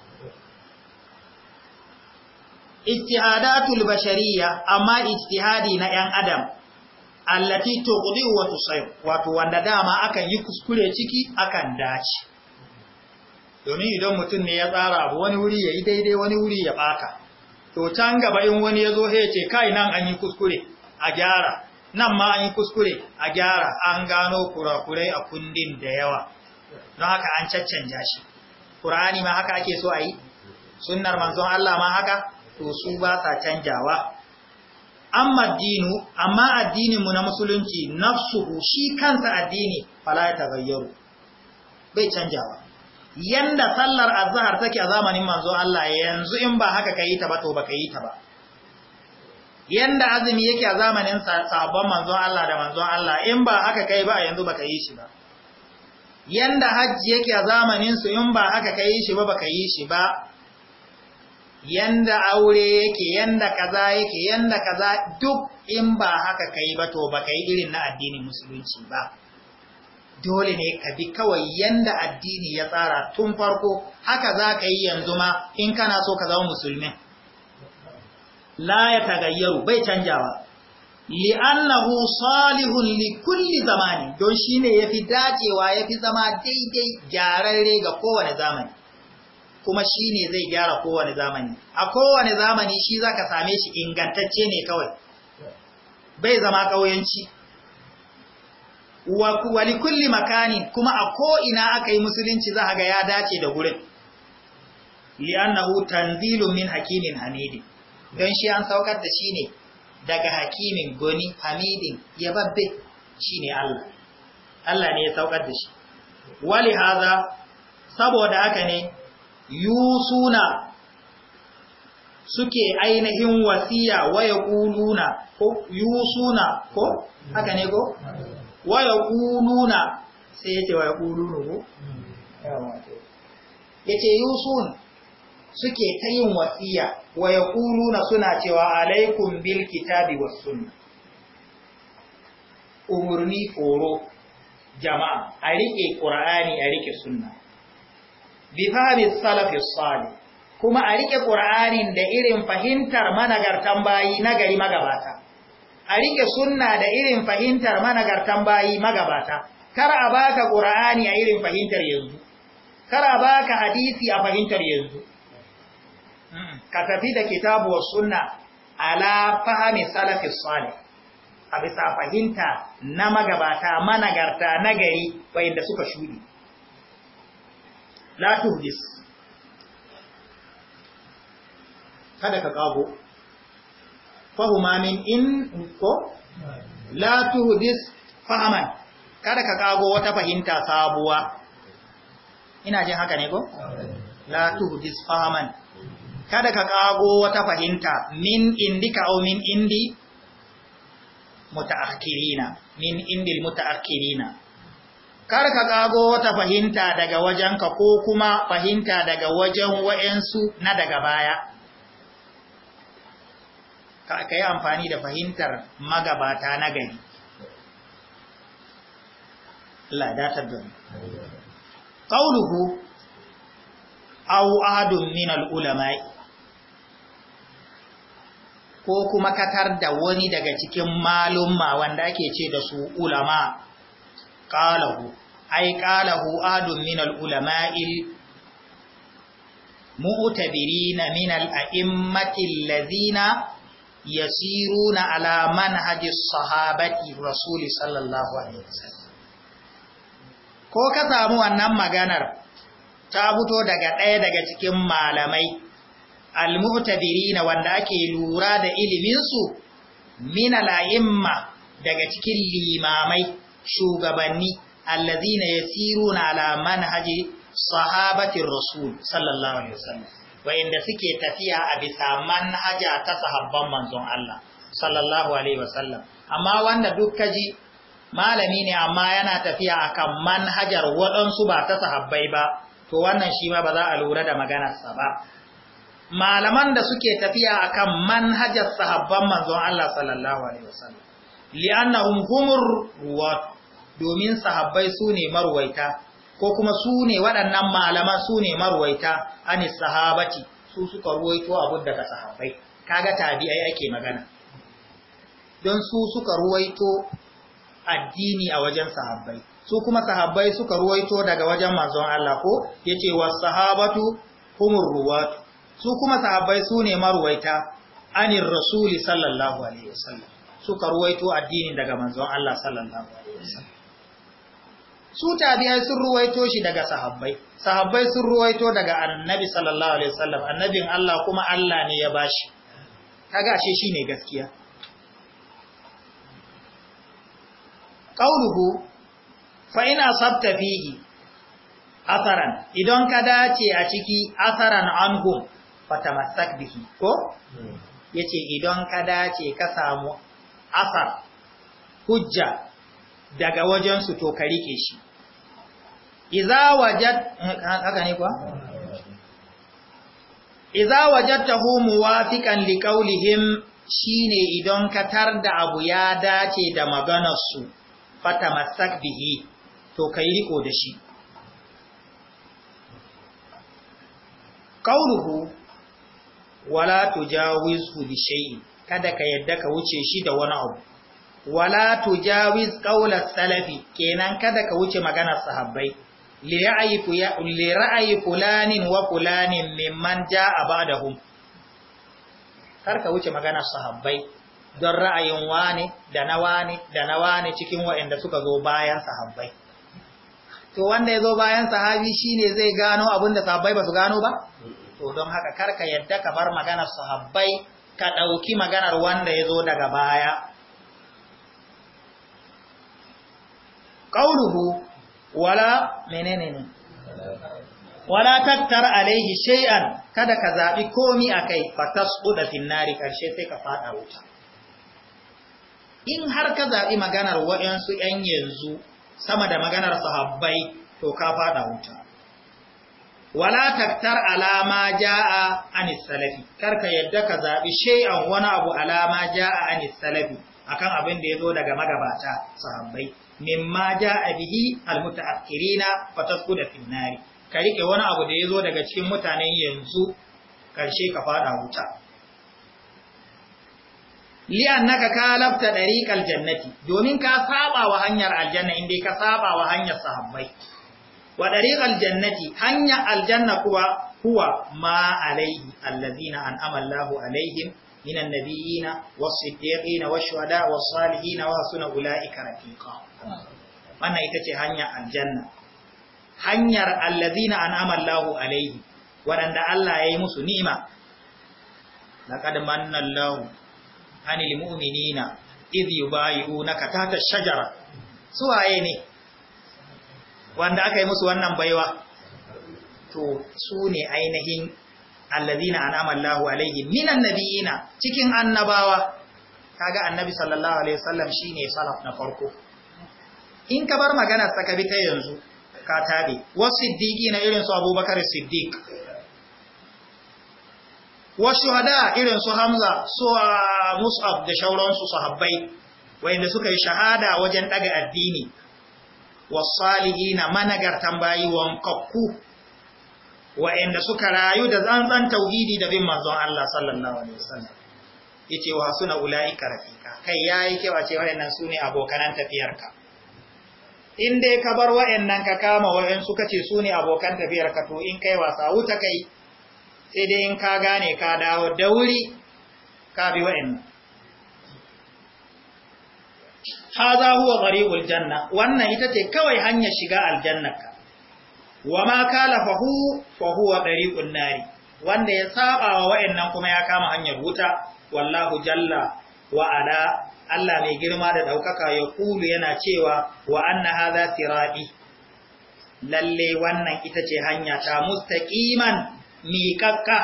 ijtihadatul bashariyya amma ijtihadi na yan adam allati tuqdi wa tusayr wato wanda dama akan yi kuskure ciki akan dace domin idan mutum ne ya tsara abu wani wuri ya yi daidai wani wuri ya ɓaka. to can gaba in wani ya zo ya ce kai nan an yi kuskure a gyara nan ma an yi kuskure a gyara an gano kurakurai a kundin da yawa don haka an caccanja shi ƙur'ani ma haka ake so a yi sunnar manzon Allah ma haka to su ba sa canjawa amma dinu amma addininmu na musulunci nafsuhu shi kansa addini fala ya tagayyaru bai canjawa yanda sallar azhar take a zamanin manzo Allah yanzu in ba haka kai ta ba to ba kai ta ba yanda azumi yake a zamanin sabon manzo Allah da manzo Allah in ba haka kai ba yanzu ba kai shi ba yanda hajji yake a zamanin su in ba haka kai shi ba ba kai shi ba yanda aure yake yanda kaza yake yanda kaza duk in ba haka kai ba to ba kai irin na addinin musulunci ba dole ne ka bi kawai yanda addini ya tsara tun farko haka za ka yi yanzu ma in kana so ka zama musulmi la ya tagayyaru bai canjawa li'annahu salihun li kulli zamani don shine yafi dacewa yafi zama daidai gyararre ga kowane zamani kuma shine zai gyara kowane zamani a kowane zamani shi zaka same shi ingantacce ne kawai bai zama kauyanci wa kulli makani kuma a ko'ina aka yi musulunci za ga ya dace da gurin li'annahu tanzilun min hakimin hamidi don shi an saukar da shi ne daga hakimin goni hamidin babbe shi ne Allah Allah ne ya saukar da shi wali haza saboda haka ne yusuna suke ainihin wasiya waya kuluna ko yusuna ko haka ne ko waya ƙuluna sai ya ce waya ko? ya ce yusun suke ta yin wasiya waya ƙuluna suna cewa alaikum bil kitabi wa umarni koro jama'a a riƙe ƙura'ani a riƙe sunna bi fahimi salafi sali kuma a riƙe ƙura'anin da irin fahimtar managartan bayi nagari magabata a rike sunna da irin fahimtar managartan bayi magabata kar a baka qur'ani a irin fahimtar yanzu kar a baka hadisi a fahimtar yanzu ka tafi da kitabu wa sunna ala fahami salafi salih a bisa fahimta na magabata managarta nagari wayanda suka shudi la tuhdis kada ka kago fahuma min in ko la tuhdis fahaman kada ka kago wata fahimta sabuwa ina jin haka ne ko la tuhdis fahaman kada ka kago wata fahimta min indika au min indi mutaakhirina min indil ka kago wata fahimta daga wajenka ko kuma fahimta daga wajen wa'ensu na daga baya ka yi amfani da fahimtar magabata na gani. ladatar da ƙauluhu au adun min ko kuma katar da wani daga cikin malumma wanda ake ce da su ulama ƙalahu ai ƙalahu adun min al'ulama'il mu'tabirina min al'a'immatin lazina yasiruna ala manhaji sahabati rasuli sallallahu alaihi ko ka samu wannan maganar ta fito daga ɗaya daga cikin malamai almuhtadirina wanda ake lura da iliminsu min al'imma daga cikin limamai shugabanni allazina yasiruna ala manhaji sahabati rasul sallallahu alaihi wasallam wa'inda suke tafiya a bisa manhaja ta sahabban manzon Allah sallallahu alaihi wasallam amma wanda duk ji malami ne amma yana tafiya akan manhajar waɗansu ba ta sahabbai ba to wannan shi ma ba za a lura da maganarsa ba malaman da suke tafiya akan manhajar sahabban manzon Allah sallallahu alaihi wasallam li'annahum humur domin sahabbai su ne marwaita ko kuma su ne waɗannan malaman su ne marwaita ani sahabati su suka ruwaito abun daga sahabbai kaga tabi'ai ake magana don su suka ruwaito addini a wajen sahabbai su kuma sahabbai suka ruwaito daga wajen manzon Allah ko yace wa sahabatu humur ruwatu su kuma sahabbai su ne marwaita anir rasuli sallallahu alaihi wasallam suka ruwaito addini daga manzon Allah sallallahu alaihi wasallam su tabiyai sun ruwaito shi daga sahabbai sahabbai sun ruwaito daga annabi sallallahu alaihi wasallam annabin Allah kuma Allah ne ya bashi kaga ashe shine gaskiya qauluhu fa in asabta fihi atharan idan ka dace a ciki atharan anhum fatamassak bihi ko hmm. yace idan ka dace ka samu asar hujja daga wajensu to ka rike shi iza wajat, haka ne kuwa iza wajadtahu muwafiqan liqaulihim shine idan ka tar da abu ya dace da maganar su masak bihi to ka yi riko da shi qauluhu wala tujawizhu bi shay'in kada ka yadda ka wuce shi da wani abu wala jawiz qawla salafi kenan kada ka wuce maganar sahabbai li ra'ayi li ra'ayi fulanin wa fulanin mimman da ba'dahum kar ka wuce maganar sahabbai don ra'ayin wane da na wane da na wane cikin waɗanda suka zo bayan sahabbai to wanda ya zo bayan sahabi shine zai gano da sahabbai ba su gano ba to don haka ka yadda ka bar maganar sahabbai ka ɗauki maganar wanda ya zo daga baya ƙauruhu wala menene ne wala taktar alaihi shay'an kada ka zaɓi komi a kai fil nari karshe sai ka faɗa wuta in har ka zaɓi maganar waɗansu ‘yan yanzu sama da maganar sahabbai to ka faɗa wuta wala taktar alama ja'a anis salafi karka yadda ka zaɓi shay'an wani abu alama ja'a anis salafi akan abin da ya zo daga magabata sahabbai mimma ja'a bihi almutaakhirina fatasquda fi nari ka ke wani abu da yazo daga cikin mutanen yanzu karshe ka fada wuta li annaka kalafta dariqal jannati domin ka saba wa hanyar aljanna inda ka saba wa hanyar sahabbai wa dariqal jannati hanya aljanna kuwa huwa ma alaihi allazina an'ama Allahu alaihim minan nabiyina was-siddiqina wash-shuhada was-salihina wa hasuna ulaika rafiqa wannan ita ce hanya aljanna hanyar allazina an'ama Allahu alaihi waɗanda Allah ya yi musu ni'ima laqad manna Allahu 'anil mu'minina id yubayyi'unaka tahta ash-shajara suwaye ne wanda aka yi musu wannan baiwa to su ne ainihin allazina an'ama Allahu alaihi minan nabiyina cikin annabawa kaga annabi sallallahu alaihi wasallam shine salaf na farko in ka bar magana ta ka bi ta yanzu ka tabe wasu siddiqi na irin su abubakar siddiq wasu shuhada irin su hamza su ah, mus'ab da shauransu sahabbai wanda suka yi shahada wajen daga addini wasalihina managartan bayi wankakku wa'anda suka rayu da zanzan tauhidi da bin manzon Allah sallallahu alaihi wasallam yace wa suna ulaika rafika kai yayi kewa ce wayannan sune abokan tafiyarka in dai ka bar wa'annan ka kama wa'in suka ce su ne abokan tafiyar ka to in kai wasa wuta kai sai dai in ka gane ka dawo da wuri ka bi wa'annan haza huwa tariqul janna wannan ita ce kawai hanyar shiga aljannarka wama kalafahu fa huwa tariqun nari wanda ya saba wa wa'annan kuma ya kama hanyar wuta wallahu jalla wa ala Allah mai girma da ɗaukaka ya kulu yana cewa wa anna hadha sirati lalle wannan ita ce hanya ta mustaqiman miƙaƙƙa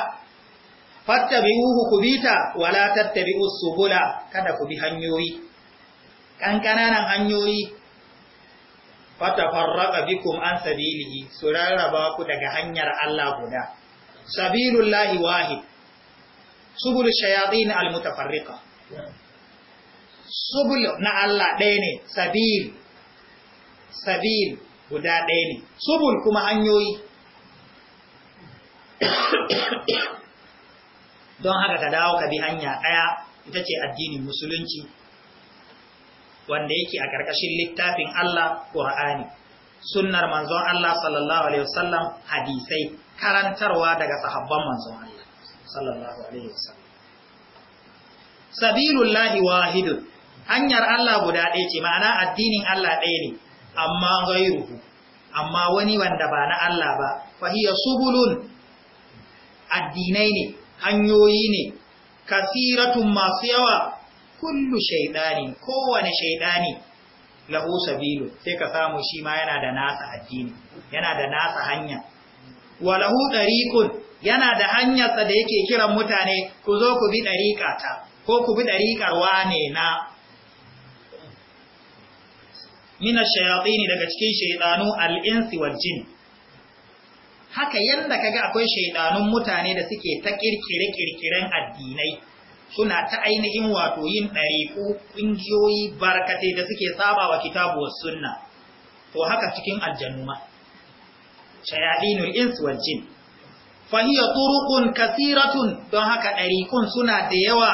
ku bita, wala tattabi'us subula kada ku bi hanyoyi Ƙanƙananan hanyoyi fatafarraqa bikum an sabilihi su rarraba ku daga hanyar Allah guda sabilullahi wahid subul shayatin almutafarriqa subul na Allah ɗaya ne sabil sabil guda ɗaya ne subul kuma hanyoyi don haka ka dawo ka bi hanya ɗaya ita ce addinin musulunci wanda yake a ƙarƙashin littafin Allah ƙur'ani sunnar manzon Allah sallallahu alaihi wasallam hadisai karantarwa daga sahabban manzon Allah sallallahu alaihi wasallam sabilullahi wahidun hanyar Allah guda ɗaya ce ma'ana addinin Allah ɗaya ne amma gairuhu amma wani wanda ba na Allah ba fa hiya subulun addinai ne hanyoyi ne kasiratun masu yawa kullu shaidani, kowane shaidani. lahu sabilu sai ka samu shi ma yana da nasa addini yana da nasa hanya wa lahu dariqun yana da hanyarsa da yake kiran mutane ku zo ku bi dariqata ko ku bi dariqar wane na mina shayatini daga cikin shaidanu al'insi wal jin haka yanda kaga akwai shaidanun mutane da suke ta kirkire kirkiren addinai suna ta ainihin wato yin ɗariƙu ƙungiyoyi barkatai da suke saba wa kitabu wa sunna to haka cikin aljanu ma shayadinul ins wal jin fahiya turuqun kasiratun don haka ɗariƙun suna da yawa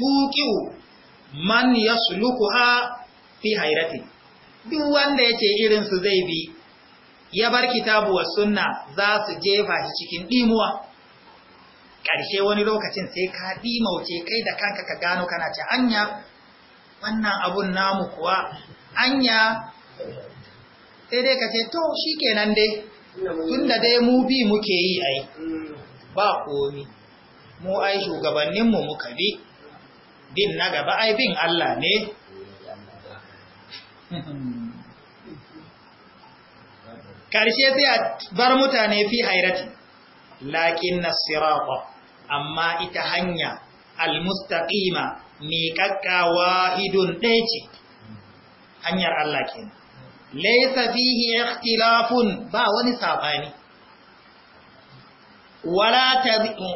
tuqiu man ha, fi hairati duk wanda yake irin su zai bi ya bar kitabu wa sunna za su jefa shi cikin dimuwa ƙarshe wani lokacin sai ka dimauce kai da kanka ka gano kana ce anya wannan abun namu kuwa anya sai dai ka ce to shikenan dai tunda dai mu bi muke yi ai ba komi mu ai shugabanninmu muka bi bin na gaba ai bin Allah ne karshe sai a bar mutane fi hairati lakin nasirata amma ita hanya almustaqima miƙaƙƙa wahidun ɗaya ce hanyar Allah kenan laysa fihi ikhtilafun ba wani sabani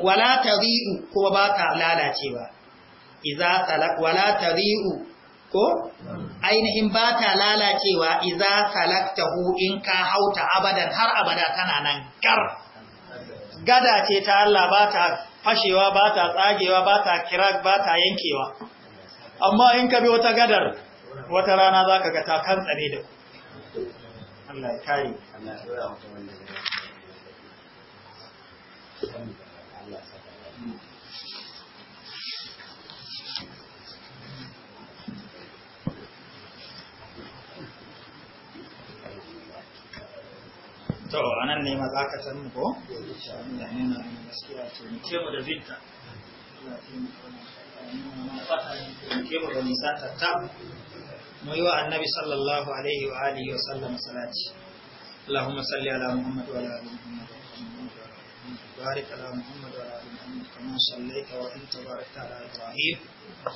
wala tadhi'u kuma ba ta lalacewa iza talak wala tari'u ko ainihin ba ta lalacewa iza talaktahu in ka hauta abadan har abada tana nan gar gada ce ta Allah ba ta fashewa ba ta tsagewa ba ta kirak ba ta yankewa amma in ka bi wata gadar wata rana za ka ga ta kan tsare da ku Allah ya to a nan ne maza ka san ko gaskiya to ke da annabi sallallahu alaihi wa alihi wa sallam salati اللهم صل على محمد وعلى ال محمد بارك على محمد وعلى آل محمد كما صليت وأنت باركت على إبراهيم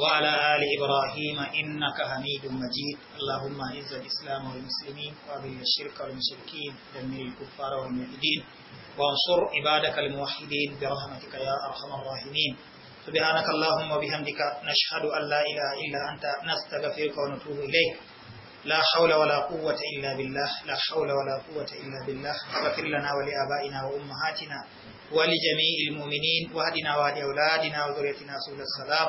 وعلى آل إبراهيم إنك حميد مجيد اللهم أعز الإسلام والمسلمين وأذل الشرك والمشركين دمر الكفار والمعتدين وانصر عبادك الموحدين برحمتك يا أرحم الراحمين سبحانك اللهم وبحمدك نشهد أن لا إله إلا أنت نستغفرك ونتوب إليك لا حول ولا قوة إلا بالله لا حول ولا قوة إلا بالله وفر لنا ولآبائنا وأمهاتنا ولجميع المؤمنين واهدنا واهد أولادنا وذريتنا سبل السلام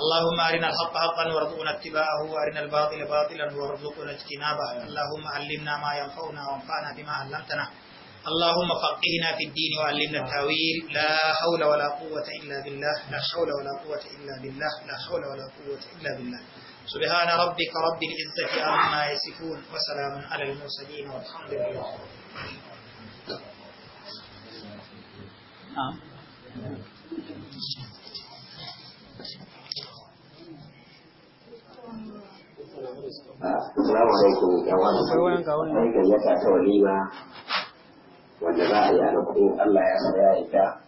اللهم أرنا الحق حقا وارزقنا اتباعه وأرنا الباطل باطلا وارزقنا اجتنابه اللهم علمنا ما ينفعنا وانفعنا بما علمتنا اللهم فقهنا في الدين وعلمنا التاويل لا حول ولا قوة إلا بالله لا حول ولا قوة إلا بالله لا حول ولا قوة إلا بالله سبحان ربك رب العزة عما يصفون وسلام على المرسلين والحمد لله رب نعم. السلام عليكم كوانا كوانا كوانا كوانا كوانا كوانا كوانا كوانا كوانا كوانا